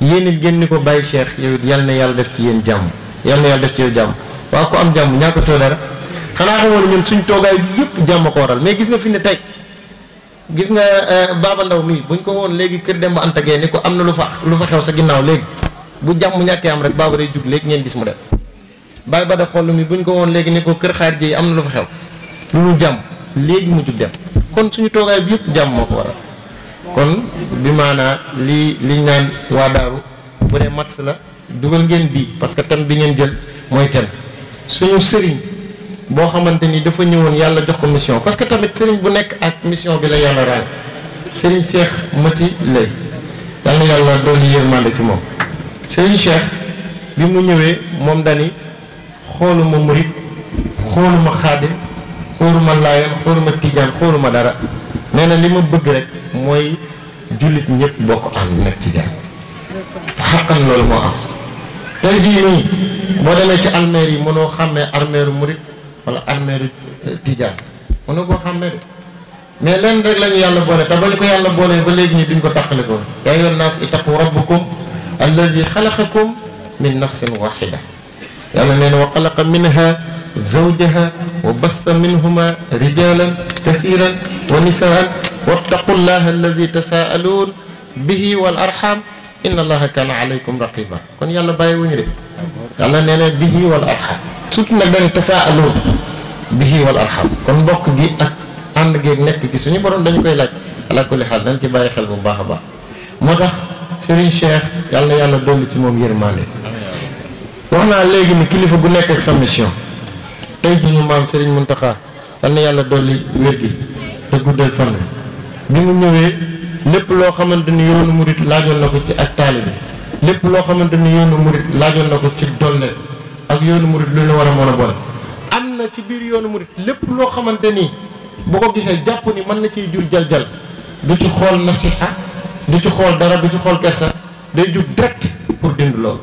yéen it ngeen ni ko bàyyi cheikh yow it yal na yàlla def ci yéen jàmm yal na yàlla def ci yow jàmm waa ko am jàmm ñàkkatoo dara xanaa xamoon ñun suñu toogaay bi yëpp jàmm ko waral gis nga fi ne tey gis nga euh, Baba Ndaw mii buñ ko woon léegi kër Demba Anta Gueye ni ko am na lu fa lu fa xew sa ginnaaw léegi bu jàmm ñàkkee am rek Baba day jug léegi ngeen gis mu dem ba Bada xoll mi buñ ko woon léegi ni ko kër xaar ji am na lu fa xew lu mu jàmm léegi mu jug dem kon suñu toogaay bi yëpp jàmm moo ko waral kon bi mana li li naan wa daru bu ne match la dugal ngeen bi parce que tan bi ngeen jël moy tan suñu serigne bo xamanteni ni dafa ñëwoon yalla jox ko mission parce que tamit serigne bu nek ak mission bi la yalla raal serigne Cheikh Mati Lay yàlla na do li yermande ci mom serigne Cheikh bi mu ñewé mom dani xoluma murit xoluma khadim xoluma laayam xoluma xoluma dara lima bëgg rek moy julit ñëpp bokk ànd nek ci dem xaqal lool mo am tay ji ni mo demee ci almeer yi mënoo xàmmee almeeru mourid wala almeeru tijaan mënoo koo xàmmee de mais lén rek lañu yàlla bolé te bañ ko yàlla bolé ba légui ni duñ ko tàqale ko ya yon nas itaqu rabbukum allazi xalaqakum min nafsin waxida yàlla nee na wa xalaqa minha zawjaha wa bassa minhuma rijalan kasiran wa nisaan واتقوا الله الذي تساءلون به والارحام ان الله كان عليكم رقيبا كون يلا باي ويري يلا نانا به والارحام سوت نك داني تساءلون به والارحام كون بوك بي اك اند جي نيت بي سوني بروم داني كاي لاج على كل حال دان تي باي خل بو باخا با موتاخ سيرين شيخ يلا يلا دوم تي موم يرمالي وانا لغي ني كليفه بو نيك اك سميشن تاي جي ني مام سيرين منتخا يلا يلا دولي ويربي te guddal fan bi mu ñëwee lépp loo xamante ni yoonu murit laajoon na ko ci ak taalibe lépp loo xamante ni yoonu murit laajoon na ko ci dolle ak yoonu murit lu ñu war a mën a boole am na ci biir yoonu murit lépp loo xamante ni bu ko gisee jàpp ni mën na ciy jur jal-jal du ci xool nasiha du ci xool dara du ci xool kersa day jug direct pour dindi loolu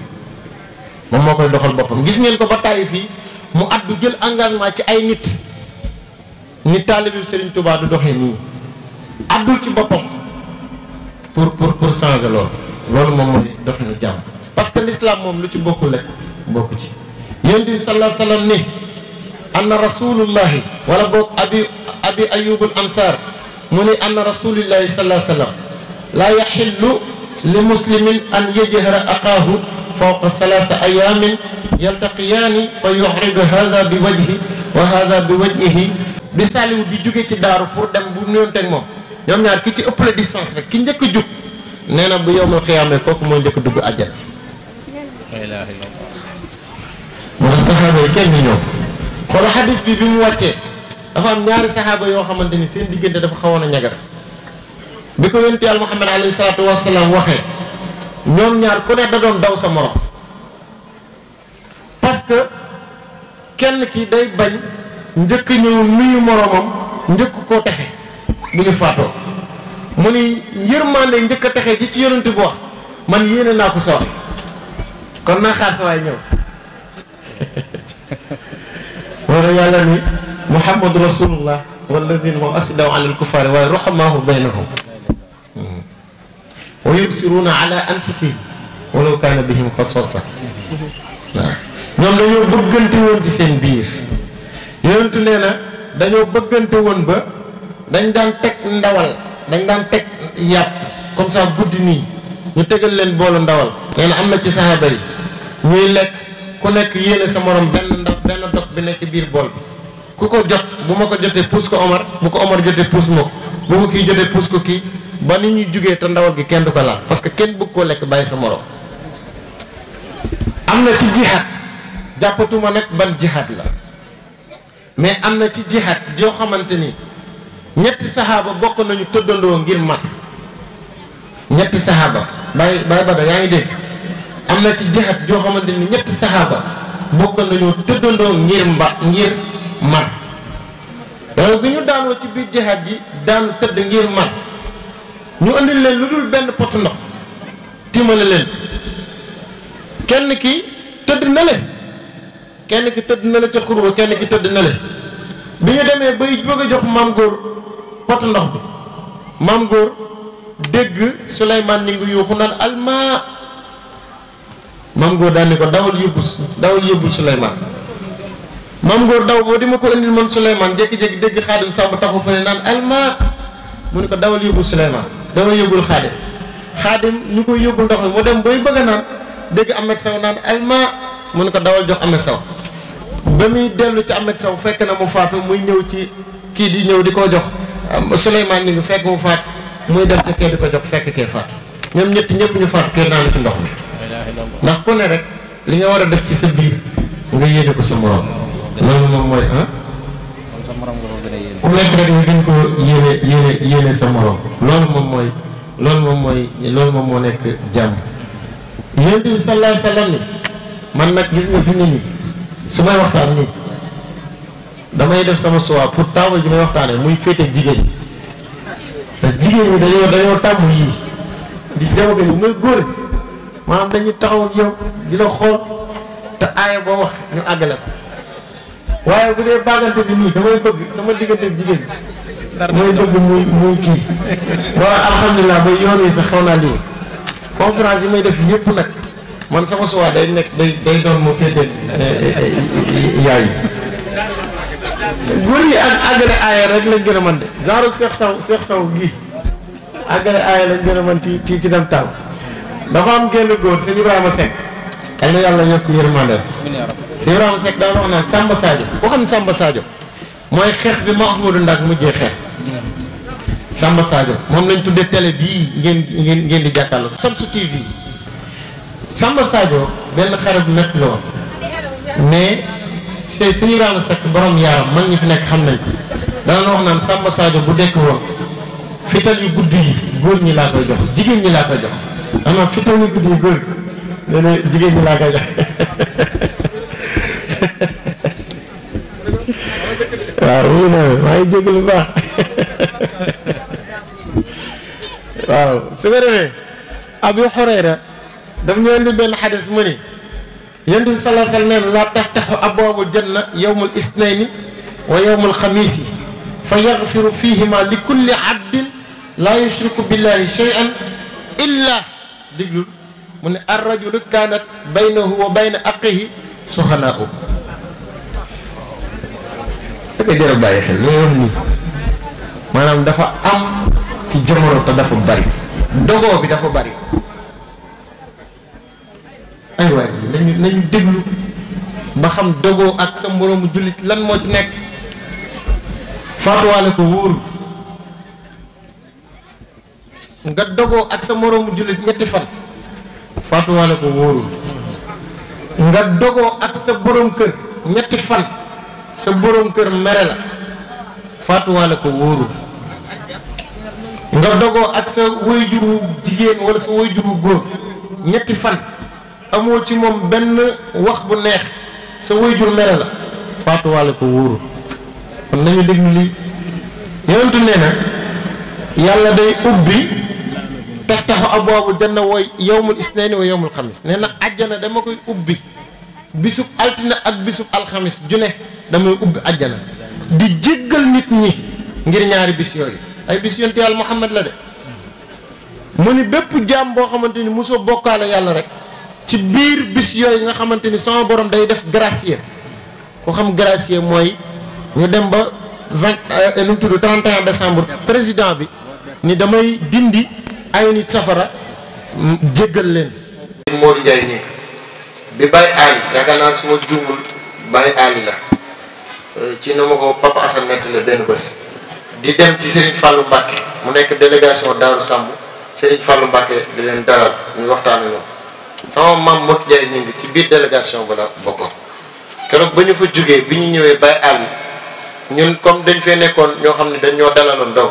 moom moo koy doxal boppam gis ngeen ko ba tàyyi fii mu at du jël engagement ci ay nit ni taalibe Serigne Touba du doxee nii addul ci boppam pour pour pour changer loolu loolu moom mooy doxinu jàmm parce que l'islam moom lu ci bokkul rek bokku ci yonent bi sallallahu alayhi wasallam ni anna rasulullahi wala boog abi abi ayubul ansar mu ni anna rasulillahi sallallahu alayhi wasallam laa yaxillu li muslimin an yajhara aqaahu fawqa salaasa ayaamin yaltaqiyaani fa yuxridu hada bi wajhi wa hada bi wajhihi bi saaliwu di jóge ci daaru pour dem bu nuyoonteeg moom ñoom ñaar ki ci ëppale rek ki njëkk a jub nee na bu yowmal kooku mooy njëkk dugg àjjana. moo tax saxaaba yi bi mu wàccee dafa ñaari saxaaba yoo xamante ni seen diggante dafa xawoon a ñagas bi ko yonent Yàlla Muhammad alayhi salaatu wasalaam waxee ñoom ñaar ku ne da doon daw sa morom parce que kenn ki day bañ njëkk ñëw nuyu moromam njëkk koo texe. mu ngi faatoo mu ni yërmande njëkk a texe ji ci yonent bu wax man yéene naa ko sa waay kon naa xaar sa waay ñëw [LAUGHS] wala yàlla ni muhammadu rasulullah walladina hum asidaw ala waaye ruhamahu baynahum hmm. wa yubsiruuna ala anfusihim walaw kaana ñoom dañoo bëggante woon ci seen biir yonent nee na dañoo bëggante woon ba dañ tek tek ndawal dañ tek yap, yàpp comme ça goudi ni ñu tégal leen bolu ndawal nee amna ci sahaba yi ñuy lek ku nek yéene sa morom ben ndaw ben dog bi ne ci bir bol ku ko jot bu mako ko pousse ko Omar bu ko Omar jotee pousse bu ko ki jotee pousse ko ki ba ni ñi juggé ta ndawal gi kenn du ko laal parce que kenn bu ko lek baye sa morom amna ci jihaat jàppatuma nag ban jihad la mais amna ci jihad jo xamanteni ñetti saxaaba bokk nañu tëddandoo ngir man ñetti saxaaba bay bay bada yaa ngi dégg am na ci jaxat joo xamante ni ñetti saxaaba bokk nañoo tëddandoo ngir mba ngir man yow bi ñu daanoo ci biir jaxat ji daan tëdd ngir mat ñu indil leen lu dul benn pot ndox timale leen kenn ki tëdd na le kenn ki tëdd na le ca xurba kenn ki tëdd na le bi ñu demee bay bëgg a jox maam góor pot ndox bi maam góor dégg Souleymane ni ngi yuuxu naan alma maam góor daal ni ko dawal yóbbu dawal yóbbu Souleymane maam góor daw boo di ma ko indil man Souleymane jékki-jékki dégg xaadim sàmb taxu fa ne naan alma mu ne ko dawal yóbbu Souleymane dawal yóbbul xaadim xaadim ñu koy yóbbul ndox mi mu dem bay bëgg a naan dégg Ahmed Saw naan alma mu ne ko dawal jox Ahmed Saw ba muy dellu ci Ahmed Sow fekk na mu faatu muy ñëw ci kii di ñëw di ko jox Souleymane ñu ngi fekk mu faatu muy dem ca kee di ko jox fekk kee faatu ñoom ñett ñëpp ñu faatu kee naa la ci ndox mi ndax ku ne rek li nga war def ci sa biir nga yéene ko sa morom loolu moom ah? ko yéene yéene sa morom loolu moom loolu moom loolu moom moo nekk jàmm yonent man nag gis nga fi mu nii su may waxtaan nii damay def sama suwaa pour taabal ji may waxtaanee muy féete jigéen ñi jigéen ñi dañoo dañoo tàmm yii di jamono yi muy góor maanaam dañuy taxaw ak yow di xool te aaya boo wax ñu àggale ko waaye bu dee bàggante bi nii damay bëgg sama diggante jigéen mooy bëgg muy muy kii [LAUGHS] wala alhamdulilah ba yoon wi sax xew naa lii conférence yi may def yëpp nag man sama suwaa day nekk day day doon mu féete eh, eh, yaay góor yi ak àggale aaya rek lañ gën a mën de genre seex saw seex saw gi àggale aaya lañ gën a mën ci ci ci dem taw dafa am genn góor sëñ Ibrahima Seck yal na yàlla yokk yërmande sëñ Ibrahima Seck dafa wax naan sàmba saajo boo xam ne sàmba saajo mooy xeex bi Mouhamadou Ndak mujjee xeex Samba Sadio moom lañ tuddee tele bii ngeen ngeen ngeen di jàkkaarloo Samsu TV Samba Sadio benn xare bu métti la woon mais c'est suñu raadu sekk borom yaaram mag ñi fi nekk xam nañ ko dana la wax naan Samba Sadio bu dekk woon fital yu gudd yi góor ñi laa koy jox jigéen ñi laa koy jox maanaam fital yu gudd jigéen ñi laa koy [LAUGHS] maa ngi jégg lu baax [LAUGHS] waaw su ko defee Abu Hurayra daf ñu indil benn xadis mu ni yonent bi sallallahu alayhi wa sallam nee la taftaxu abwaabul janna yowmul isnayni wa yowmul xamiis yi fa yaxfiru fihima li kulli abdin laa yushriku billahi shay'an illa diglul mu ne ar rajulu kaanat baynahu wa bayna aqihi suxanaau da koy jërë bàyyi xel li may wax nii maanaam dafa am ci jamono te dafa bari dogoo bi dafa bari nañu déglu ba xam dogoo ak sa moroomu jullit lan moo ci nekk faatuwaale ko nga dogoo ak sa moroomu jullit ñetti fan faatuwaale ko wóorul nga dogoo ak sa borom kër ñetti fan sa borom kër mere la faatuwaale ko wóorul nga dogoo ak sa wayjur wu jigéen wala sa wayjur wu góor ñetti fan amoo ci moom benn wax bu neex sa jur mere la faatuwaale ko wóoru kon nañu déglu lii yonentu nee na yàlla day ubbi taftaxu abwaabu janna wa yowmul isnaani wa yowmul xamis nee na àjjana dama koy ubbi bisub altine ak bisub alxamis june damay ubbi àjjana di jéggal nit ñi ngir ñaari bis yi ay bis yonentu yàlla Muhammad la de mu ni bépp jaam boo xamante ni mosoo bokkaale yàlla rek ci bir bis yoy nga xamanteni sama borom day def gracier ko xam gracier moy ñu dem ba vingt euh, nu mu tudd 31 décembre président bi ni damay dindi ay nit safara jéggal leen. Modou ndjay ni bi bay Ali yaakaar naa su ma juumul Baye Ali la euh, ci na ko Papa Assane nekk le benn bés. di dem ci Serigne Fallou Mbacke mu nek délégation daru sambu Serigne Fallou Mbacke di leen daral ñu waxtaan ak sama maam Mot Ndiaye ñu ci biir délégation ba la bokkoon keroog ba ñu fa jugee bi ñu ñëwee bay àll ñun comme dañ fee nekkoon ñoo xam ne dañ ñoo dalaloon ndaw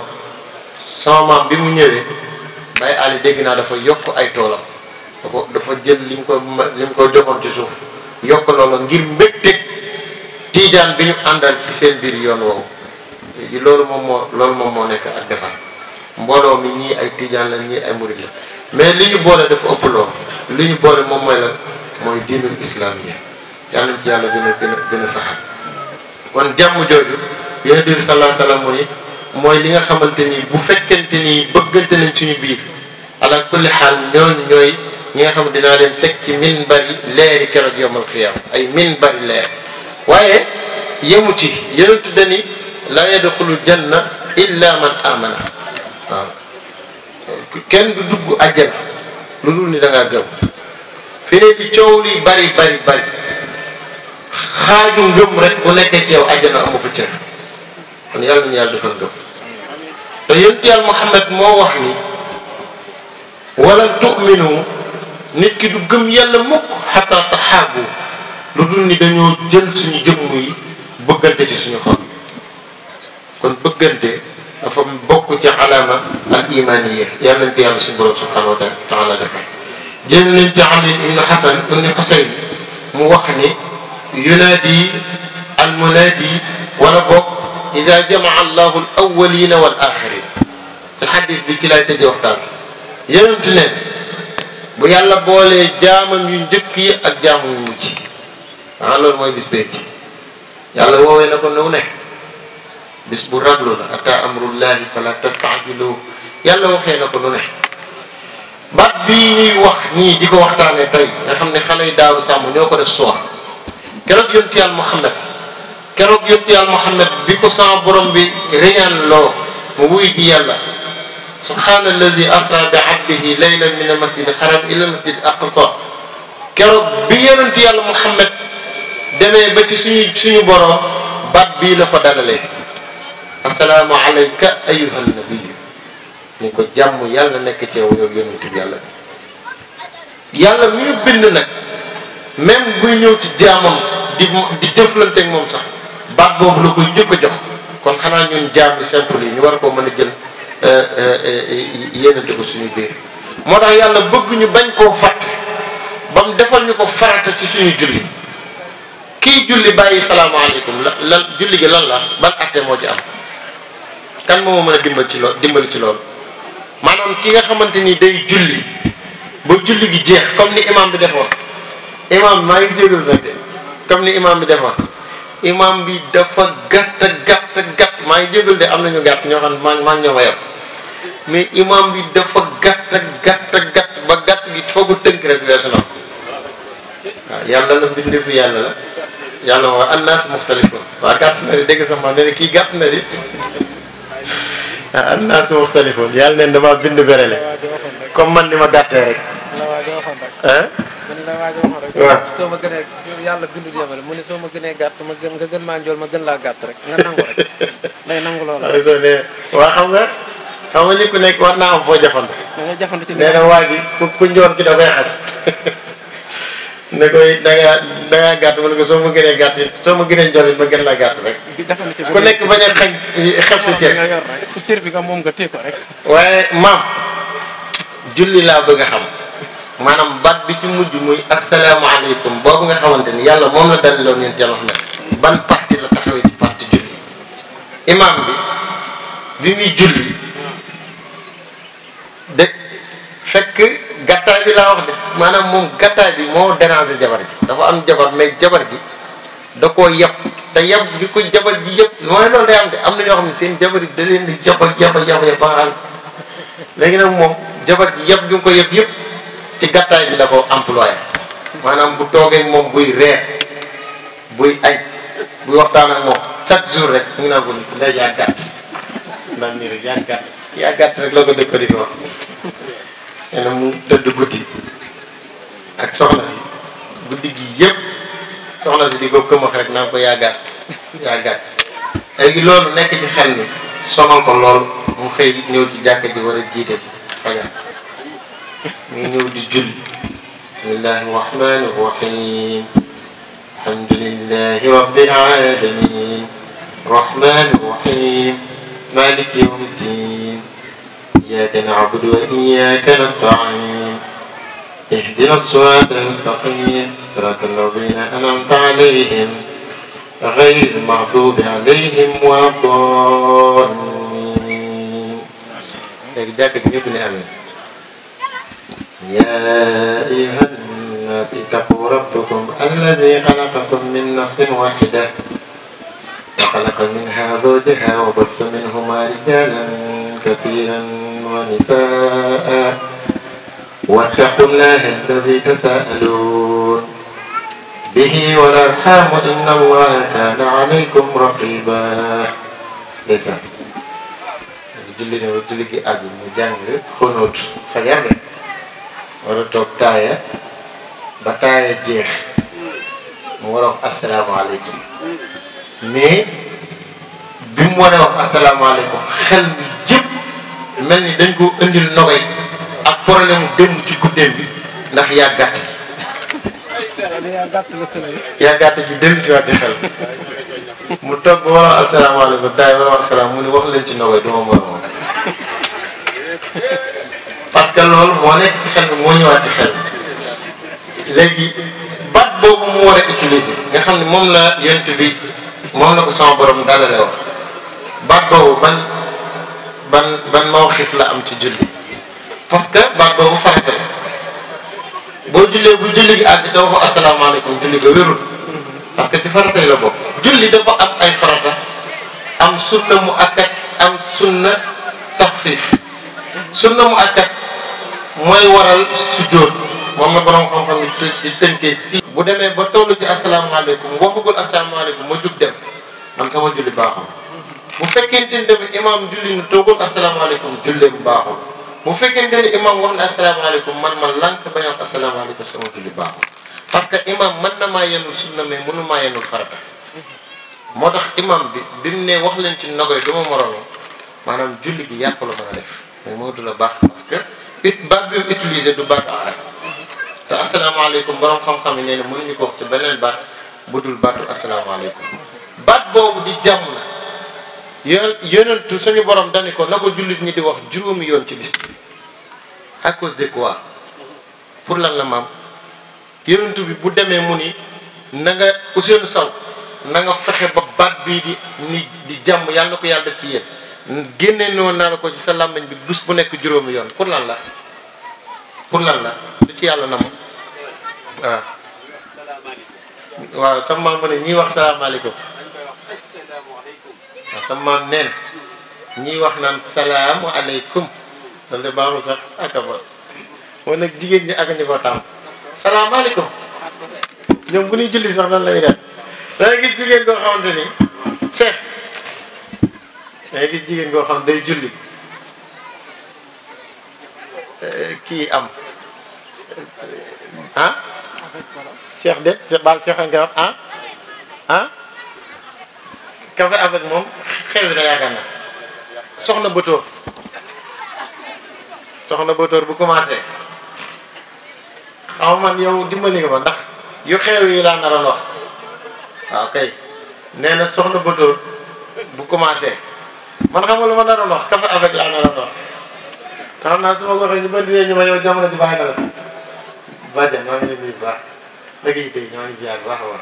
sama maam bi mu ñëwee bay àll dégg naa dafa yokk ay toolam dafa dafa jël lim ko li mu ko joxoon ci suuf yokk loola ngir mbégteeg tiijaan bi ñu àndal ci seen biir yoon woowu loolu moom moo loolu moom moo nekk ak defar mbooloo mi ñii ay tiijaan lañ ñii ay murit la mais li ñu boole dafa ëpp lool li ñu boole moom mooy lan mooy diinul islam yi yal nañ ci yàlla gën a gën a gën a saxal kon jàmm jooju yonent bi sallallahu alayhi wasallam mooy mooy li nga xamante ni bu fekkente ni bëggante nañ suñu biir ala kulli xaal ñooñu ñooy ñi nga xam dinaa leen teg ci min bari leeri keroog yawmal qiyaama ay min bari leer waaye yemu ci yonent dani la yadxulu janna illa man amana waaw kenn du dugg àjjana lu dul ni da gëm fi ne coow li bari bari bari xaaju ngëm rek bu nekkee ci yow àjjana amu fa kon yàlla nañu yàlla defal ngëm te moo wax ni walan tu'minu nit ki du gëm yàlla mukk xataa taxaabu lu dul ni dañoo jël suñu jëmm yi bëggante ci suñu xol kon bëggante dafa bokk ci alaama al imaniya yal nañ ko yàlla suñu borom subhanahu wa taala defal jël nañ ci ali ibn hasan ibn husayn mu wax ni yunaadi al munaadi wala boog ida jamaa allahu al awalina wal axirin te xadis bi ci lay tëjee waxtaan yonent ne bu yàlla boolee jaamam yu njëkk yi ak jaamam yu mujj ah loolu mooy bis bee ci yàlla woowee na ko nëw ne bis bu raglu la ata amrullahi fala tastaajilu yàlla waxee na ko nu ne baat bii ñuy wax ñii di ko waxtaanee tey nga xam ne xale yi daaw sàmm ñoo ko def soir keroog yonti yàlla Muhammad keroog yonti yàlla Muhammad bi ko sama borom bi réyaan loo mu wuy ji yàlla subhaana alladi asra bi abdihi laylan min al masjid haram ila masjid aqsa keroog bi yonenti yàlla Muhammad demee ba ci suñu suñu borom baat bii la ko dalalee asalaamu alayka ayuhan nabiyu ñu ko jàmm yàlla na nekk ci yow yow yonent bi yàlla bi yàlla mi ñu bind nag même buy ñëw ci jaamam di di jëflanteeg moom sax baat boobu la koy njëkk a jox kon xanaa ñun jaam bi simple yi ñu war a koo mën a jël euh, euh, yéenante ko suñu biir moo tax yàlla bëgg ñu bañ koo fàtte ba mu defal ñu ko farata ci suñu julli kii julli bàyyi salaamaaleykum la lan julli gi lan la ban atte moo ci am kan moo mën a dimbal ci lool dimbali ci loolu maanaam ki nga xamante ni day julli ba julli gi jeex comme ni imam bi defoon imam bi maa ngi jégalu nag de comme ni imam bi defoon imam bi dafa gàtt gàtt gàtt maa ngi jégalu de am nañu gàtt ñoo xam ne maa maa ngi ñoo mais imam bi dafa gàtt gàtt gàtt ba gàtt gi foogu tënk rek weesu na waaw yàlla la mbindeefu yàlla la yàlla mooy annaas muxtalifun waa gàtt na di dégg sama ne kii gàtt na di ah am naa su waxtalifoon yàlla neen dama bind berele comme man ni ma gàttee rek. ah. waaw. soo ma gënee yàlla bindul yemale mu soo ma gënee gàtt ma gën nga gën maa njool ma gën laa gàtt rek nga nangu rek day nangu xam nga xam nga nit ku nekk war naa am foo jafandu. da ngay jafandu ci nee na waa ji ku ku ki da koy ne koy da ngaa da ngaa gàtt ma ne ko soo ma gënee gàtt it soo ma gënee njool it ma gën laa gàtt rek. ku nekk bañ a xaj xeb sa bi nga moom nga téye waaye maam julli laa bëgg a xam maanaam bat bi ci mujj muy asalaamaaleykum boobu nga xamante ni yàlla moom la daliloon yéen teel wax ne ban parti la taxawee ci parti julli imaam bi bi muy julli de fekk. gàttaay bi laa wax de maanaam moom gàttaay bi moo déranger jabar ji dafa am jabar mais jabar ji da koo yab te yab gi ko jabar ji yëpp mooy loolu am na ñoo xam ne seen jabar yi da leen di yab ak yab léegi nag moom jabar ji ko yëpp yëpp ci gàttaay bi la ko maanaam bu toogee moom buy reer buy añ buy waxtaan ak jour rek mu ngi naan ko nday yaa gàtt yaa gàtt yaa gàtt rek ko dëkk wax nee na mu dëdd guddi ak soxna si guddi gi yëpp soxna si di ko këmax rek naan ko yaa gàtt yaa gàtt léegi loolu nekk ci xel ni sonal ko lool mu xëy ñëw ci jàkk ji war a jiite fajar muy ñëw di julli bismillahi rahmani rahim alhamdulillahi rabbil alamin rahmani rahim maliki yawmiddin إياك نعبد وإياك نستعين اهدنا الصراط المستقيم صراط الذين أنعمت عليهم غير المغضوب عليهم ولا الضالين. يا أيها الناس اتقوا ربكم الذي خلقكم من نفس واحدة وخلق منها زوجها وبث منهما رجالا كثيرا ونساء واتقوا الله الذي تساءلون به والأرحام إن الله كان عليكم رقيبا لسان julli ne ba julli gi àgg mu jàng xonóot fajar bi war a toog taaya ba taaya jeex mu war a wax asalaamaaleykum mais bi mu war a wax asalaamaaleykum xel mi mel ni dañ ko indil nogay ak problème mu ci guddeem bi ndax yaa gàtt ci yaa gàtt ci dellu si waat ci xel mu toog ba wala asalaamaaleykum daay wala asalaam mu ni wax leen ci nogay duma mor moom parce loolu moo nekk ci xel bi moo ñëwaat ci xel léegi baat boobu mu war a utiliser nga xam ne moom la yent bi moom la ko sama borom dalale wax baat boobu ban ban ban mawxif la am ci julli parce que baat boobu farata boo jullee bu julli gi àgg te waxu asalaamaaleykum julli ga wérul parce que ci farata yi la bokk julli dafa am ay farata am sunna mu akkat am sunna taxfiif sunna mu akkat mooy waral sujjóot moom la borom xam-xam yi tënkee si bu demee ba toll ci asalaamaaleykum waxagul asalaamaaleykum ma jug dem man sama julli baaxul bu fekkee ni tamit imaam julli na toogul asalaamaaleykum julleem baaxul bu fekkente ni imaam wax na asalaamaaleykum man ma lànk bañ wax asalaamaaleykum sama julli baaxul parce que imaam mën na maa yenul sunna mais mënu maa yenul farata moo tax imaam bi bi mu ne wax leen ci nagoy du ma moromoo maanaam julli gi yàq la mën a def mais moo du la baax parce que it baat bi mu utilisé du baat arab te asalaamaaleykum borom xam-xam yi nee na mënuñu ko wax ci beneen baat bu dul baatu asalaamaaleykum baat boobu di jàmm yo yonentu suñu borom dani ko na ko jullit ñi di wax juróomi yoon ci bis bi à de quoi pour lan la maam yonentu bi bu demee mu ni nanga nga Ousseynou Sow na nga fexe ba baat bii di ni di jàmm yàlla na ko yàlla def ci yéen génne noonu naa la ko ci sa làmmiñ bi bés bu nekk juróomi yoon pour lan la pour lan la lu ci yàlla na moom waaw waaw sama maam mu ne ñii wax salaamaaleykum sama maam nee wax naan salaamu aleykum loolu de baaxul sax ak a moo nag jigéen ñi ak ñu ko tàmm salaamaaleykum ñoom bu ñuy julli sax nan la ñuy def danga gis jigéen koo xamante jigéen koo xam day julli eh, kii am eh, ah seex de baal seex nga wax ah ah café avec moom xew na gitu yaakaar na soxna Botor soxna Botor bu commencé xaw man yow dimbali nga ma ndax yu xew yi laa naroon wax waaw kay nee soxna Botor bu commencé man xam nga lu ma wax café avec laa naroon wax. ba ñu ma yow jamono la di nuyu bu baax ñoo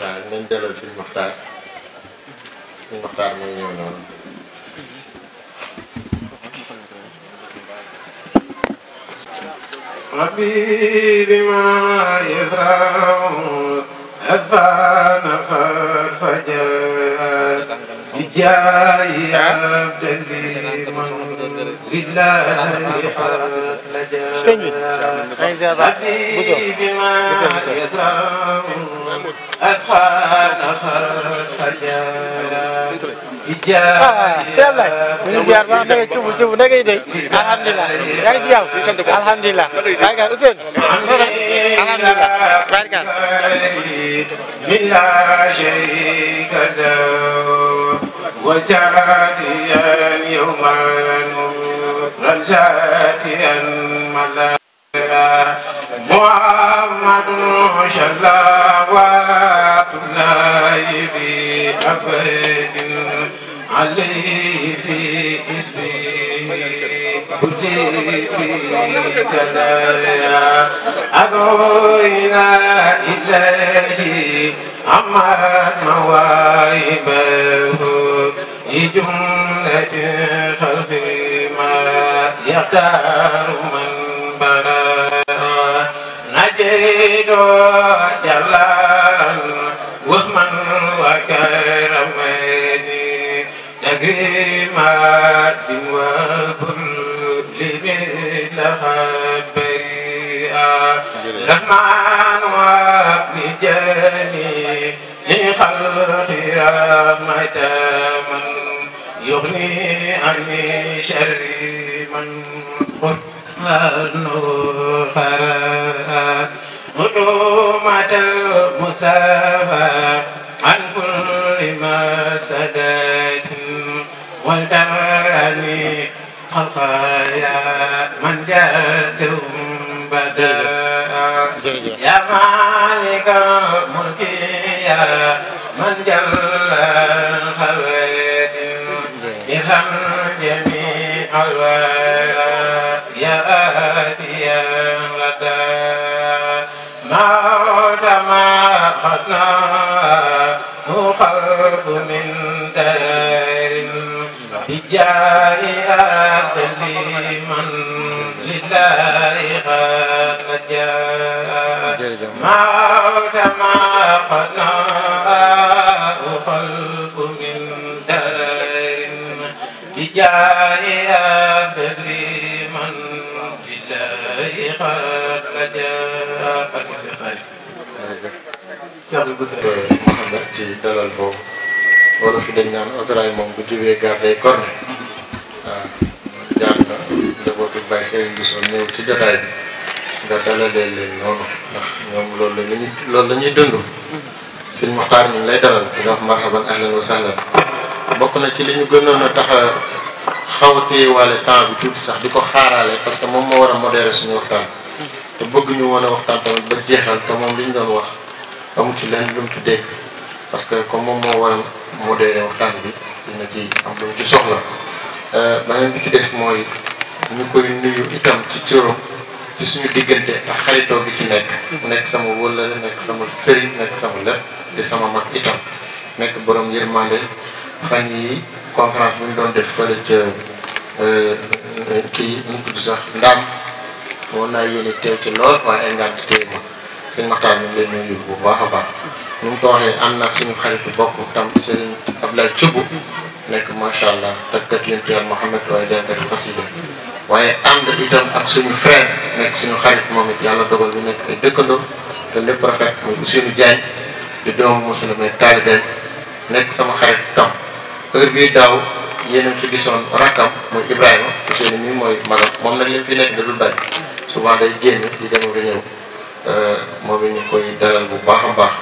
waaw dinañ dalal sëñ Maxtaar sëñ Maxtaar mooy ñëw noonu. ربي بما يزرع أذان فجأة بجاي عبد من لا شريك له وجعليا يوما رجاتيا ملايا محمد شلاوات الله بأبد عليه في اسمه إلى إلهي عما مواهبه لجملة الخلق ما يختار من بنى نجد جلالا وهما وكرمين تكريمات وكل من لها بريئة رحمن وابن جميع خلق رحمته عن شر من قرآن فرأى ظلمة عن كل ما سدات ولترني خطايا من جادهم بدا يا مالك الملك يا من جل أبناء قرب من دار بجاء أدليما لله قد نجا موت ما قد قلب من دار بجاء أدليما لله قد نجا dëgg yàlla bu tëddee Mouhamed ci dalal boobu wala fi dañ naan autorail moom bu jubee gare day corne waaw ah, jaar na njabootu Baye Serigne Bissou ñëw ci jotaay bi nga dalalee leen noonu ndax ñoom loolu la ñuy loolu la ñuy dund suñ waxtaan ñu ngi lay dalal di wax marhaban ahlan wa bokk na ci li ñu gënoon a tax a xaw a téyewaale temps bi tuuti sax di ko xaaraale parce que moom moo war a modérer suñu waxtaan. te bëgg ñu woon waxtaan tamit ba jeexal te moom li ñu doon wax amu ci lenn lu mu ci dégg parce que comme moom moo waral modéré waxtaan bi dina ci am lu mu ci soxla euh, beneen bi ci des mooy ñu koy ci cëram ci suñu diggante ak xaritoo bi ci nekk mu nekk sama wëllale nekk sama sëriñ nekk sama lépp di sama mag itam nekk borom yërmande fan yi conférence bi ñu doon def fële ca euh, kii nu mu tudd sax ndaam woon naa yéene teew ci lool waaye ngànt téye ma sëñ Maxtaar ñu ngi lay nuyu bu baax a ngi ko waxee am na suñu xaritu bokk tam sëriñ Abdoulaye Thioub nekk macha allah takkat yéen teel Mouhamed waaye jàngat xasida waaye ànd itam suñu frère nekk suñu xarit dëkkandoo te lépp rafet muy Ousseynou Diagne di doomu musulmé taalibe nekk sama xarit tam heure bii daaw yéen fi gisoon rakkam muy Ibrahima Ousseynou mii mooy magam moom nag li fi nekk da dul bari souvent day génn ci dem ak moo moom ñu koy dalal bu baax a baax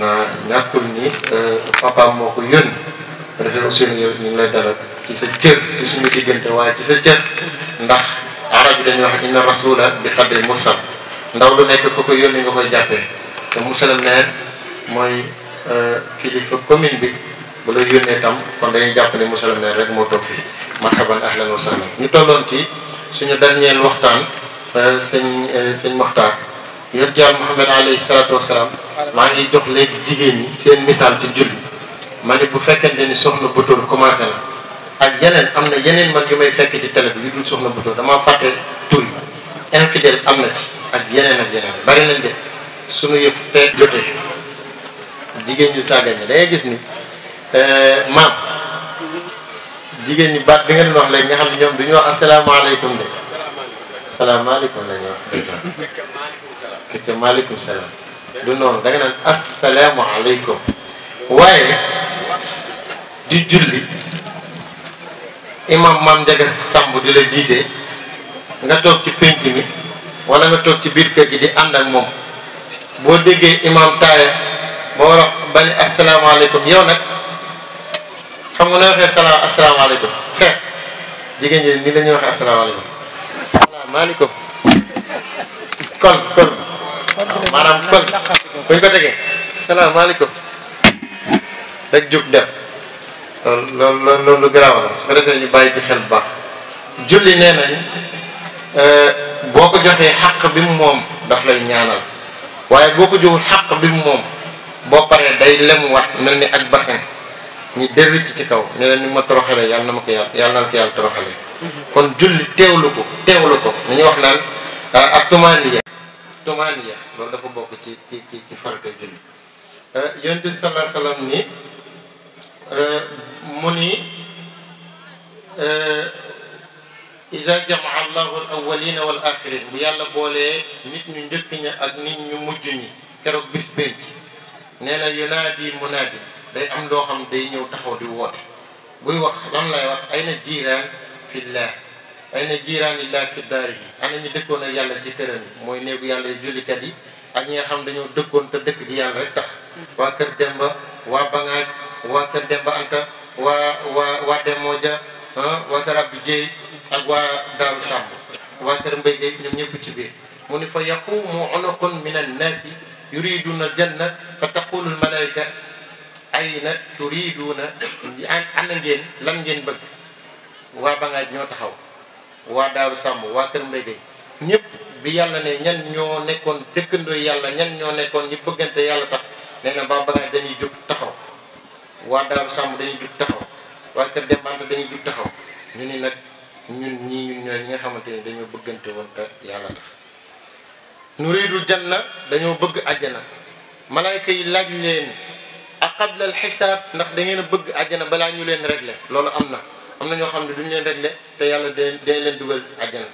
na ñàkkul ni euh, papaam moo ko yónni préfet aussi ñu ngi lay dalal ci sa cër ci suñu diggante waaye ci sa cër ndax arab bi dañuy wax inna rasula bi xadri mursal ndaw lu nekk ku ko yónni nga koy jàppee te monsieur le maire mooy euh, kilifa commune bi bu la yónnee tam kon dañuy jàpp ne monsieur le maire rek moo toog fii marhaban ahlan wa sahlan ñu tolloon ci suñu dernier waxtaan sëñ sëñ Mokhtar yonent yàlla Muhammad alayhi salaatu wasalaam maa ngi jox léegi jigéen ñi seen misaal ci julli ma ne bu fekkente ni soxna Butóor commencé na ak yeneen am na yeneen man yu may fekk ci télé bi yu dul soxna Butóor damaa fàtte tur yi infidèle am na ci ak yeneen ak yeneen bari nañ de suñu yëf te jotee jigéen ñu sàggan ñi da ngay gis ni maam jigéen ñi baat bi ngeen wax léegi nga xam ne ñoom du ñu wax asalaamaaleykum de asalaamaaleykum la ñuy wax. dëgg la salaam. du noonu da nga naan asalaamaaleykum. waaye di julli imam maam Njaga Samb di la jiite nga toog ci penc mi wala nga toog ci biir kër gi di ànd moom boo déggee imam taaya ba war a ba yow nag xam nga looy waxee salaam asalaamaaleykum. seet jigéen ñi nii la ñuy waxee asalaamaaleykum. salaamaaleykum kon kon maanaam kon bu ñu ko tegee salaamaaleykum rek jug dem lool loolu loolu garaaw la su ko defee ñu bàyyi ci xel bu baax julli nee nañ euh, boo ko joxee xàq bi mu moom daf lay ñaanal waaye boo ko joxul xàq bi mu moom boo paree day lem wat mel ni ak bassin ñu derwit ci kaw ne leen ñu ma toroxale yàlla na ma ko yàlla yàlla na ko yàlla toroxale kon julli teewlu ko teewlu ko ni ñuy wax naan ah, ak tumaaniya tumaaniya loolu dafa bokk ci ci ci ci farata julli euh, yonent bi salaa salaam ni euh, mu ni euh, iza jamaa allahu al awwalina wal axirin bu yàlla boolee nit ñu njëkk ñi ak nit ñu mujj ñi keroog bis penc nee na yunaadi munaadi day am doo xam day ñëw taxaw di woote buy wax lan lay wax ay na jiiraan fillah ay na jiiraanillah fi daarihi ana ñu dëkkoon ak yàlla ci këram yi mooy néegu yàlla jullikat yi ak ñi xam dañoo dëkkoon te dëkk ji yàlla rek tax waa kër Demba waa Bangaaj waa kër Demba Anta waa waa waa Demba ah, waa kër Abdou Dieye ak waa Daaru Sàmm waa kër Mbaye Gueye ñoom ci biir mu ni fa yaqumu unuqun min annaasi yuriduna aljanna fa taqulu almalaika ayna turiduna ana ngeen lan ngeen bëgg waa Bangaaj ñoo taxaw waa Daaru Sàmm waa Kër Mbay Gay ñëpp bi yàlla ne ñan ñoo nekkoon dëkkandoo yàlla ñan ñoo nekkoon ñu bëggante yàlla tax nee na waa Bangaaj dañuy jóg taxaw waa Daaru Sàmm dañuy jóg taxaw waa Kër Dembaante dañuy jóg taxaw ñu ni nag ñu ñii ñun ñooy ñi nga xamante ni dañoo bëggante woon te yàlla tax nuriidul na dañoo bëgg àjjana malayka yi laaj leen ak qabla al xisaab ndax da ngeen a bëgg àjjana balaa ñu leen régler loolu am na am na ñoo xam ne duñ leen réglé te yàlla de dinañ leen dugal àjjana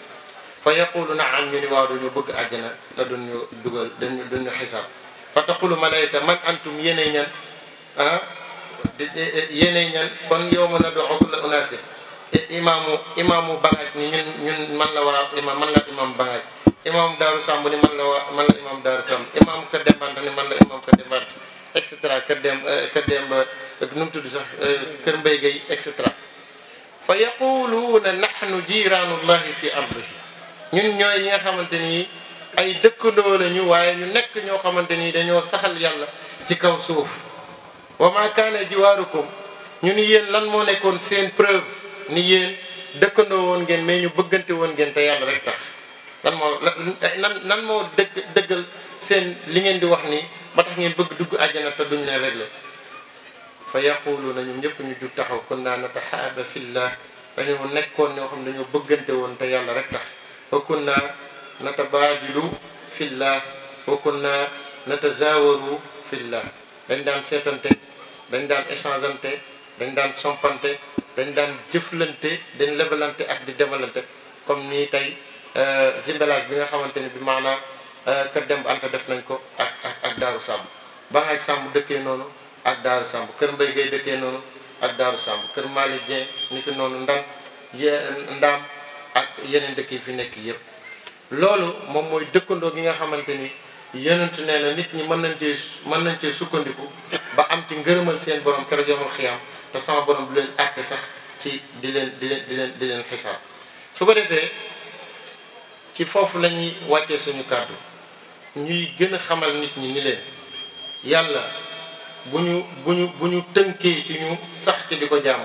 fa na naam ñu ni waaw dañu bëgg àjjana te duñ ñu dugal duñ duñ ñu xisaab fa taqulu malayka man antum yéenay ñan ah yéenay ñan kon yow mën a doxoo ku la unasir imaamu imaamu banaaj ni ñun ñun man la waa imaam man la imaam banaaj imaam daaru sàmb ni man la waa man la imaam daaru sàmb imaam kër dembante ni man la imaam kër dembante et cetera kër dem kër demb nu mu tudd sax kër mbay gay et cetera fa yaquluuna nahnu jiraanullahi fi amrihi ñun ñooy ñi nga xamante ni ay dëkkandoo lañu waaye ñu nekk ñoo xamante nii dañoo saxal yàlla ci kaw suuf wa ma kaana jiwaarukum ñu ni yéen lan moo nekkoon seen preuve ni yéen dëkkandoo woon ngeen mais ñu bëggante woon ngeen te yàlla rek tax lan moo lan lan moo dëgg dëggal seen li ngeen di wax nii ba tax ngeen bëgg dugg àjjana te duñ leen réglé fa yaquluuna ñoom ñëpp ñu naa jug taxaw kunna natahaaba fillah dañu nekkoon ñoo xam ne dañoo bëggante woon te yàlla rek tax wa kunna natabaadilu fillah wa kunna natazaawaru fillah dañ daan seetante dañ daan échangeante dañ daan sompante dañ daan jëflante dañ lebalante ak di demalante comme nii tey euh, zimbelage bi nga xamante ni bi maanaam euh, kër Demba ant def nañ ko ak ak ak Daaru Sàmm ba ngaaj sàmm dëkkee noonu ak Daaru Samb kër Mbay Gay dëkkee noonu ak Daaru Samb kër Malick Dieng ni ki noonu ndam ndaam ak yeneen dëkk yi fi nekk yëpp loolu moom mooy dëkkandoo gi nga xamante ni yonent nee na nit ñi mën nañ cee mën nañ cee sukkandiku ba am ci ngërëmal seen borom keroog yomal xiyam te sama borom du leen àtte sax ci di leen di leen di leen di leen xisaab su ko defee ci foofu lañuy ñuy wàccee suñu kàddu ñuy gën a xamal nit ñi ni leen yàlla bu ñu bu ñu bu ñu tënkee ci ñu sax ci di ko jàmm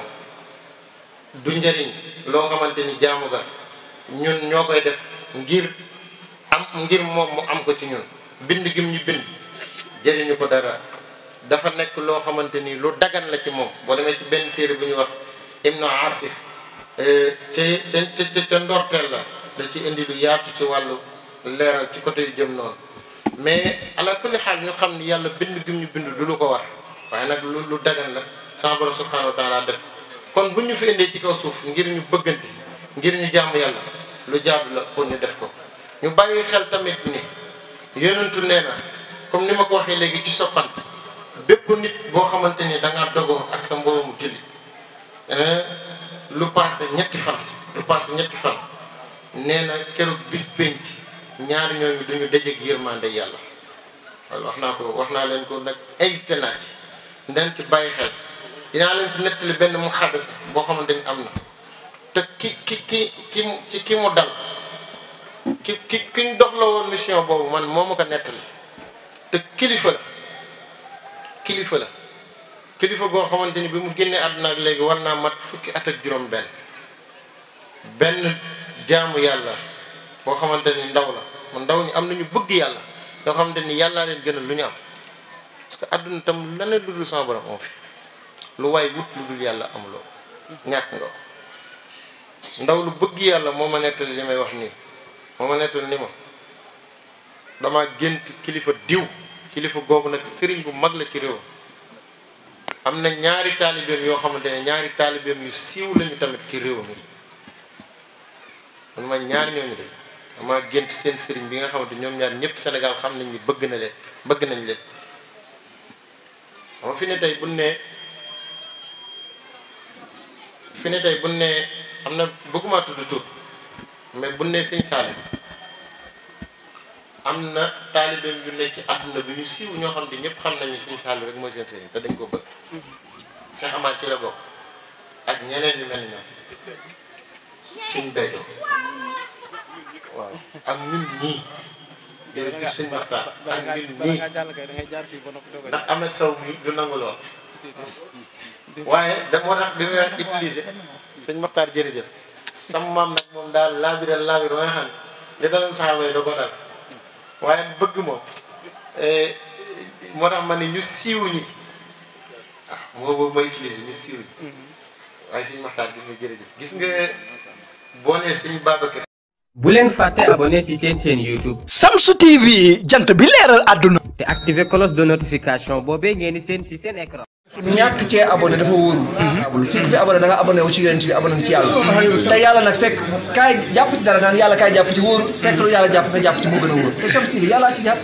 du njëriñ loo xamante ni jaamu ga ñun ñoo koy def ngir am ngir moom mu am ko ci ñun bind gim ñu bind jëriñu ko dara dafa nekk loo xamante ni lu dagan la ci moom boo demee ci benn téere bu ñu wax Ibnu Asir te te te ca ndorteel la da ci indi lu yaatu ci wàllu leeral ci côté yu jëm noonu mais ala kulli xaal ñu xam ni yàlla bind gim ñu bind du lu ko war waaye nag lu lu dagan nag sama borom subhanahu wa taala def kon bu ñu fi indee ci kaw suuf ngir ñu bëggante ngir ñu jàmm yàlla lu jaadu la pour ñu def ko ñu bàyyi xel tamit ni yonentu nee na comme ni ma ko waxee léegi ci soppante bépp nit boo xamante ni danga ngaa dogoo ak sa mboroomu jullit lu passé ñetti fan lu passé ñetti fan nee na keroog bis pénc ñaar ñooñu duñu dajeeg yërmande yàlla wala wax naa ko wax naa leen ko nag hésité naa ci ndeen ci bàyyi xel dinaa leen ci nettali benn mu xaddasa boo xamante ni am na te ki ki ki ki mission boobu man moo ma ko te kilifa la kilifa la kilifa goo xamante ni bi mu génnee àdduna léegi war naa mat fukki at ak juróom benn benn jaamu yàlla boo xamante ni ndaw la man ndaw ñi am na ñu bëgg yàlla yoo xam ne ni yàllaa leen gënal lu ñu am parce que àdduna tam la ne lu dul sama borom fi lu waay wut lu dul yàlla amuloo ñàkk nga ko ndaw lu bëgg yàlla moo ma nettali damay wax nii moo ma nettali ni ma dama gént kilifa diw kilifa googu nag sëriñ bu mag la ci réew am na ñaari taalibeem yoo xamante ne ñaari taalibeem yu siiw lañu tamit ci réew mi man ma ñaari ñooñu de dama gént seen sëriñ bi nga xamante ñoom ñaar ñëpp Sénégal xam nañ ni bëgg na leen bëgg nañ leen moom fi ne tey buñ ne fi ne tey buñ ne am na bëgguma tudd tur mais buñ ne sëñ Salim am na taalibeem yu ne ci àdduna bi ñu siiw ñoo xam ne ñëpp xam nañ ni sëñ rek mooy seen sëriñ te dañ koo bëgg Cheikh Amar ci la bokk ak ñeneen ñu mel ni ñoom sëñ Béthio waaw ak ñun ñii. jërëjëf sëñ Maxtaar ak ñun ñii ndax am na saw mi du nangu lool. waaye da moo tax bi may wax utiliser sëñ Maxtaar jërëjëf. sama maam nag moom daal laabiral laabir ba nga xam ne li daloon saxaaba yi da ko dal waaye bëgg moom eh, moo tax ma ne ñu siiw ñi ah, moo boobu may utiliser ñu siiw ñi mm-hmm. waaye sëñ Maxtaar gis nga jërëjëf gis nga boo nee sëñ bu leen fàtte abonné ci seen chaîne YouTube. Samsu TV jant bi leeral àdduna. te activer cloche de notification boobee ngeen di seen ci seen écran. ñàkk cee abonné dafa wóorul. fii ku fi abonné da nga abonné wu ci yonent bi abonné ci yàlla. te yàlla nag fekk kaay jàpp ci dara naan yàlla kaay jàpp ci wóorul. fekk lu yàlla jàpp nga jàpp ci moo gën a Samsu TV jàpp.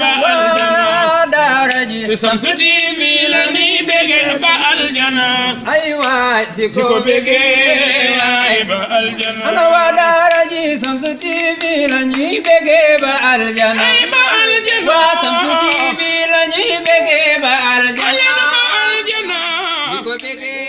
ba aljana daara ji Shamsu TV la ñuy bégee ba aljana ay waay di ko bégee waay ba aljana ana waa daara ji Shamsu TV la ñuy bégee ba aljana ay ba aljana waa Shamsu TV la ñuy bégee ba aljana di ko bégee